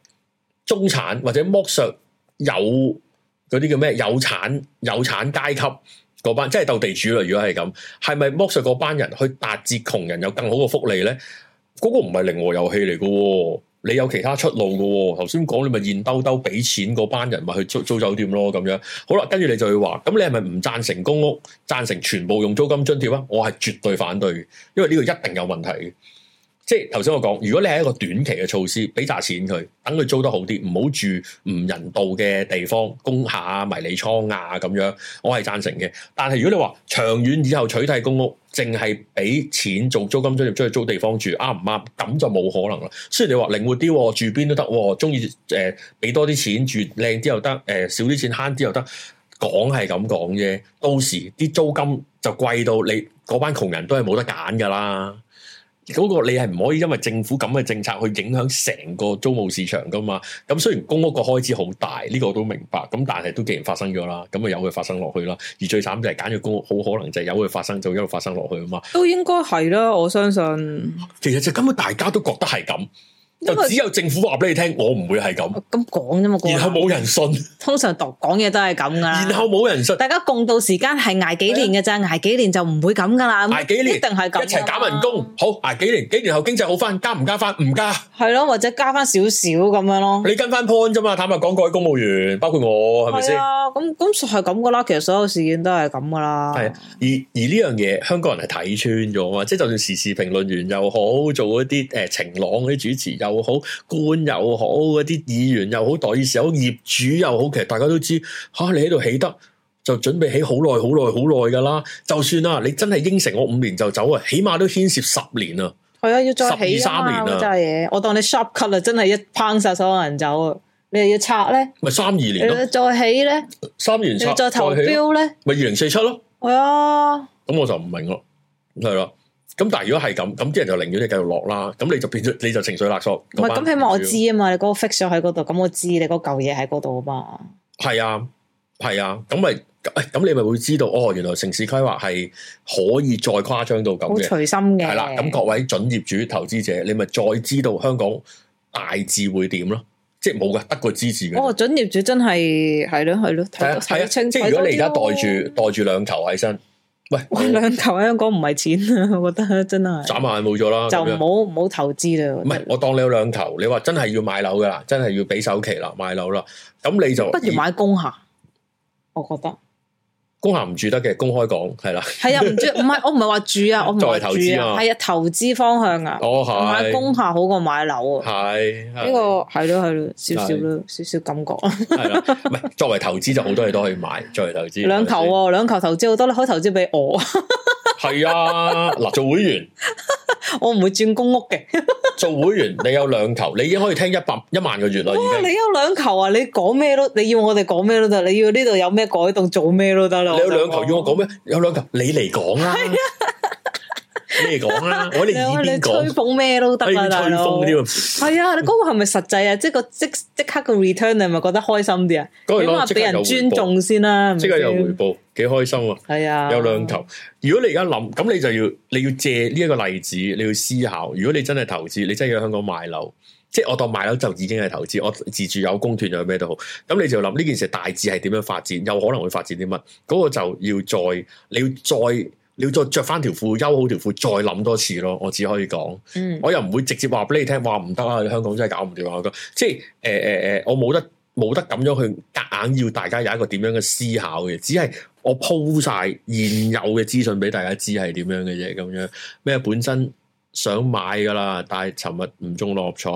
中產或者剝削有嗰啲叫咩有產有產階級？個班即係鬥地主啦！如果係咁，係咪剝削嗰班人去達至窮人有更好嘅福利咧？嗰個唔係零和遊戲嚟嘅，你有其他出路嘅喎。頭先講你咪現兜兜俾錢嗰班人，咪去租租酒店咯咁樣。好啦，跟住你就會話，咁你係咪唔讚成公屋，讚成全部用租金津貼啊？我係絕對反對，因為呢個一定有問題。即係頭先我講，如果你係一個短期嘅措施，俾紮錢佢，等佢租得好啲，唔好住唔人道嘅地方，工廈、啊、迷你倉啊咁樣，我係贊成嘅。但係如果你話長遠以後取締公屋，淨係俾錢做租金中，專業出去租地方住，啱唔啱？咁就冇可能啦。雖然你話靈活啲、哦，住邊都得、哦，喎，中意誒，俾多啲錢住靚啲又得，誒、呃、少啲錢慳啲又得，講係咁講啫。嗯、到時啲租金就貴到你嗰班窮人都係冇得揀噶啦。嗰個你係唔可以因為政府咁嘅政策去影響成個租務市場㗎嘛？咁雖然公屋個開支好大，呢個我都明白。咁但係都既然發生咗啦，咁啊有佢發生落去啦。而最慘就係揀咗公屋，好可能就由佢發生就會一路發生落去啊嘛。都應該係啦，我相信。其實就根本大家都覺得係咁。就只有政府話俾你聽，我唔會係咁。咁講啫嘛，那個，然後冇人信。通常讀講嘢都係咁噶啦。然後冇人信，大家共度時間係挨幾年嘅咋，是的挨幾年就唔會咁噶啦。挨幾年一定係咁。一齊減人工，好挨幾年，幾年後經濟好翻，加唔加翻？唔加係咯，或者加翻少少咁樣咯。你跟翻 point 啫嘛，坦白講，各位公務員，包括我，係咪先？咁咁實係咁噶啦。其實所有事件都係咁噶啦。係而而呢樣嘢，香港人係睇穿咗嘛。即係就算時事評論員又好，做一啲誒晴朗啲主持又好，官又好，嗰啲議員又好，代議士又好，業主又好，其實大家都知吓、啊，你喺度起得就準備起好耐好耐好耐噶啦。就算啦，你真係應承我五年就走啊，起碼都牽涉十年啊。係啊，要再起三年了啊，真揸嘢。我當你 shop cut 啦，真係一碰晒、er、所有人走啊。你又要拆咧，咪三二年咯、啊？你再起咧，三年拆，你再投標咧，咪二零四七咯？係啊。咁我就唔明咯，係咯、啊。咁但係如果係咁，咁啲人就寧願你繼續落啦，咁你就變咗，你就情緒勒索。唔係，咁起碼我知啊嘛，你嗰個 fix 咗喺嗰度，咁我知你嗰嚿嘢喺嗰度啊嘛。係啊，係啊，咁咪咁你咪會知道哦，原來城市規劃係可以再誇張到咁好隨心嘅。係啦、啊，咁各位準業主、投資者，你咪再知道香港大致會點咯？即係冇噶，得個支持嘅。哦，準業主真係係咯，係咯，係啊，係啊，即係如果你而家袋住袋住兩球喺身。喂，兩球喺香港唔係錢啊，我覺得真係，眨下冇咗啦，就唔好唔好投資啦。唔係，我當你有兩球，你話真係要買樓噶啦，真係要俾首期啦，買樓啦，咁你就不如買工廈，以我覺得。工廈唔住得嘅，公開講係啦，係啊，唔住唔係，我唔係話住啊，我唔係作為投資啊，係啊，投資方向啊，哦係，買工廈好過買樓啊，係，呢個係咯係咯，小小的少少咯，少少感覺，係啦，唔係作為投資就好多嘢都可以買，作為投資，兩球喎，啊，兩，就是、球投資好多啦，可以投資俾我。 [laughs] 係啊，嗱做會員， [laughs] 我唔會轉公屋嘅。 [laughs] 做會員，你有兩球，你已經可以聽一百一萬個月啦。哦、已經你有兩球啊！你講咩都，你要我哋講咩都得，你要呢度有咩改動做咩都得啦。你有兩球，我要我講咩？有兩球，你嚟講啦。咩講啦？我哋自吹風咩都得啦，大佬。係啊，你嗰個係咪實際啊？那個是是際啊就是、即係個即即刻個 return 係咪覺得開心啲啊？因為俾人尊重先啦、啊。即係有回報，幾開心啊！係啊、哎呀，有兩頭。如果你而家諗，咁你就要你要借呢一個例子，你要思考。如果你真係投資，你真係要香港賣樓，即係我當賣樓就已經係投資。我自住有供斷，咗咩都好。咁你就諗呢件事大致係點樣發展？有可能會發展啲乜？嗰、那個就要再你要再。你要再着翻條褲，休好條褲，再諗多次咯。我只可以講，嗯、我又唔會直接話俾你聽，話唔得啊！你香港真係搞唔掂啊！即係誒誒我冇、呃呃、得冇得咁樣去夾硬要大家有一個點樣嘅思考嘅，只係我鋪晒現有嘅資訊俾大家知係點樣嘅嘢，咁樣咩本身。想買噶啦，但係尋日唔中六合彩，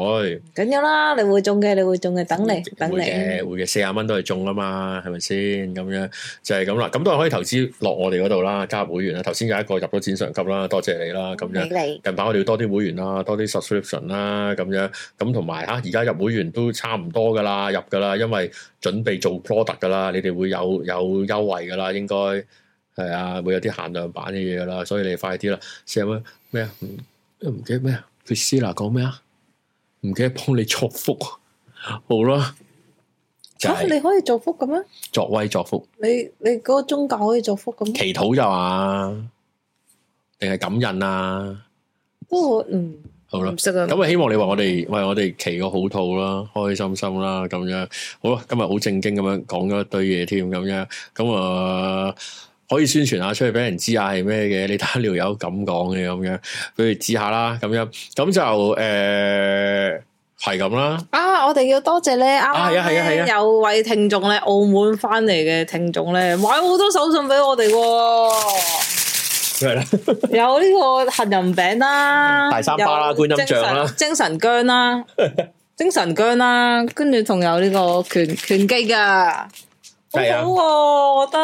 緊要啦！你會中嘅，你會中嘅，等你，等你，會嘅，四十蚊都係中啊嘛，係咪先？咁樣就係咁啦。咁都係可以投資落我哋嗰度啦，加入會員啦。頭先有一個入咗展上級啦，多謝你啦。咁樣近排我哋要多啲會員啦，多啲 subscription 啦，咁樣咁同埋吓，而家入會員都差唔多噶啦，入噶啦，因為準備做 product 噶啦，你哋會有有優惠噶啦，應該係啊，會有啲限量版嘅嘢噶啦，所以你快啲啦，四十蚊咩啊？什麼唔記得咩啊？費斯娜講咩啊？唔記得幫你作福，好啦，就是啊。你可以作福噶咩？作威作福。你你嗰個宗教可以作福噶咩？祈禱就話啊，定係感恩啊？不過、哦、嗯，好啦吧，唔識啊。咁啊，希望你話我哋，喂，我哋祈個好套啦，開開心心啦，咁樣。好啦，今日好正經咁樣講咗一堆嘢添，咁樣咁啊。可以宣傳下出去俾人知下係咩嘅，你打下有友咁講嘅咁樣，不如知下啦咁、欸、樣，咁就誒係咁啦。啊，我哋要多謝咧，啱啱咧有位聽眾咧，澳門翻嚟嘅聽眾咧，買好多手信俾我哋喎。係啦麼， [laughs] 有呢個杏仁餅啦，大三巴啦，精神觀音像啦，精神姜啦， [laughs] 精神姜啦，跟住仲有呢個拳拳擊噶。好啊，我覺得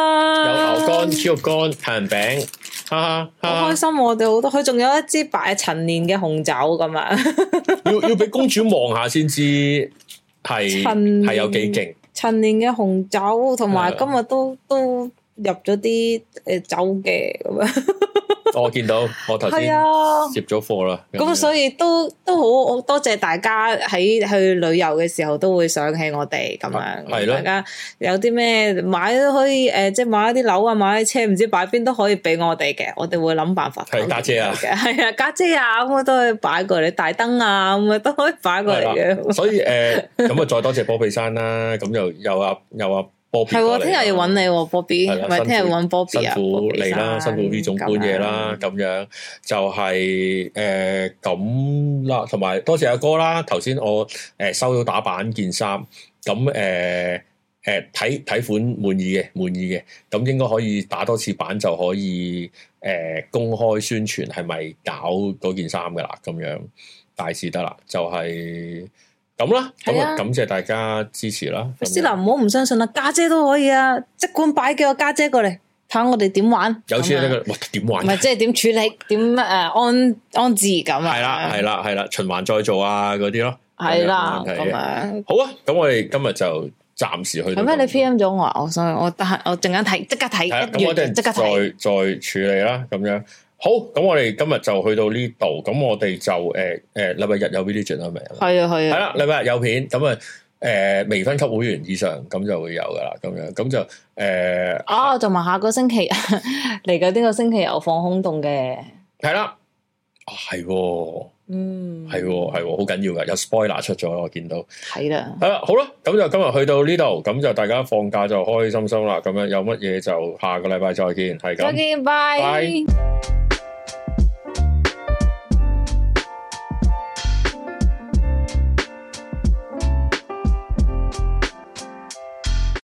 有牛肝、豬肉乾、杏仁餅，哈哈，好開心！ [laughs] 我哋好多，佢仲有一支白陳年嘅紅酒咁啊 [laughs] ！要要俾公主望下先知係陳年，係有幾勁陳年嘅紅酒，同埋今日都都。是啊都入咗啲誒，酒嘅咁樣，我見到 [laughs] 我頭先接咗貨啦。咁、啊、樣所以都都好，我多謝大家喺去旅遊嘅時候都會想起我哋咁、啊、樣。係咯、啊，大家有啲咩買都可以誒、呃，即係買一啲樓啊，買啲車，唔知擺邊都可以俾我哋嘅。我哋會諗辦法。係家、啊、姐，姐啊，係啊，家姐啊，咁我都可以擺過嚟大燈啊，咁啊都可以擺過嚟嘅、啊。所以誒，咁、呃、啊， [laughs] 再多謝波比山啦、啊。咁又又話又係喎，聽日要揾你，Bobby，唔係聽日揾 Bobby 辛苦你啦，辛苦呢種半夜嘢啦，咁這樣，樣就係誒咁啦，同、呃、埋多謝阿哥啦。頭先我誒、呃、收到打版件衫，咁誒誒睇睇款滿意嘅，滿意嘅，咁應該可以打多次版就可以誒、呃、公開宣傳，係咪搞嗰件衫噶啦，咁樣大事得啦，就係、是。咁啦，咁啊，感謝大家支持啦。粉絲男唔好唔相信啦，家姐都可以啊，即管擺幾個家姐過嚟，睇下我哋點玩。有錢啊？點玩？唔係即係點處理？點誒安安置咁啊？係啦，係啦，係啦，循環再做啊，嗰啲咯。係啦，咁樣好啊。咁我哋今日就暫時去。係咩？你 P M 咗我，我想我得閒我陣間睇，即刻睇，我哋即刻再再處理啦，咁樣。好，咁我哋今日就去到呢度，咁我哋就誒誒禮拜日有 video 啦，係咪啊？係啊，係啊。係啦，禮拜日有片，咁啊誒，微分級會員以上咁就會有噶啦，咁樣咁就誒，呃、哦、啊、同埋下個星期嚟緊呢個星期有放空洞嘅，係啦，係，嗯，係，係，好緊要噶，有 spoiler 出咗，我見到係啦，係啦的，好啦，咁就今日去到呢度，咁就大家放假就開開心心啦，咁樣有乜嘢就下個禮拜再見，係咁，再見，拜。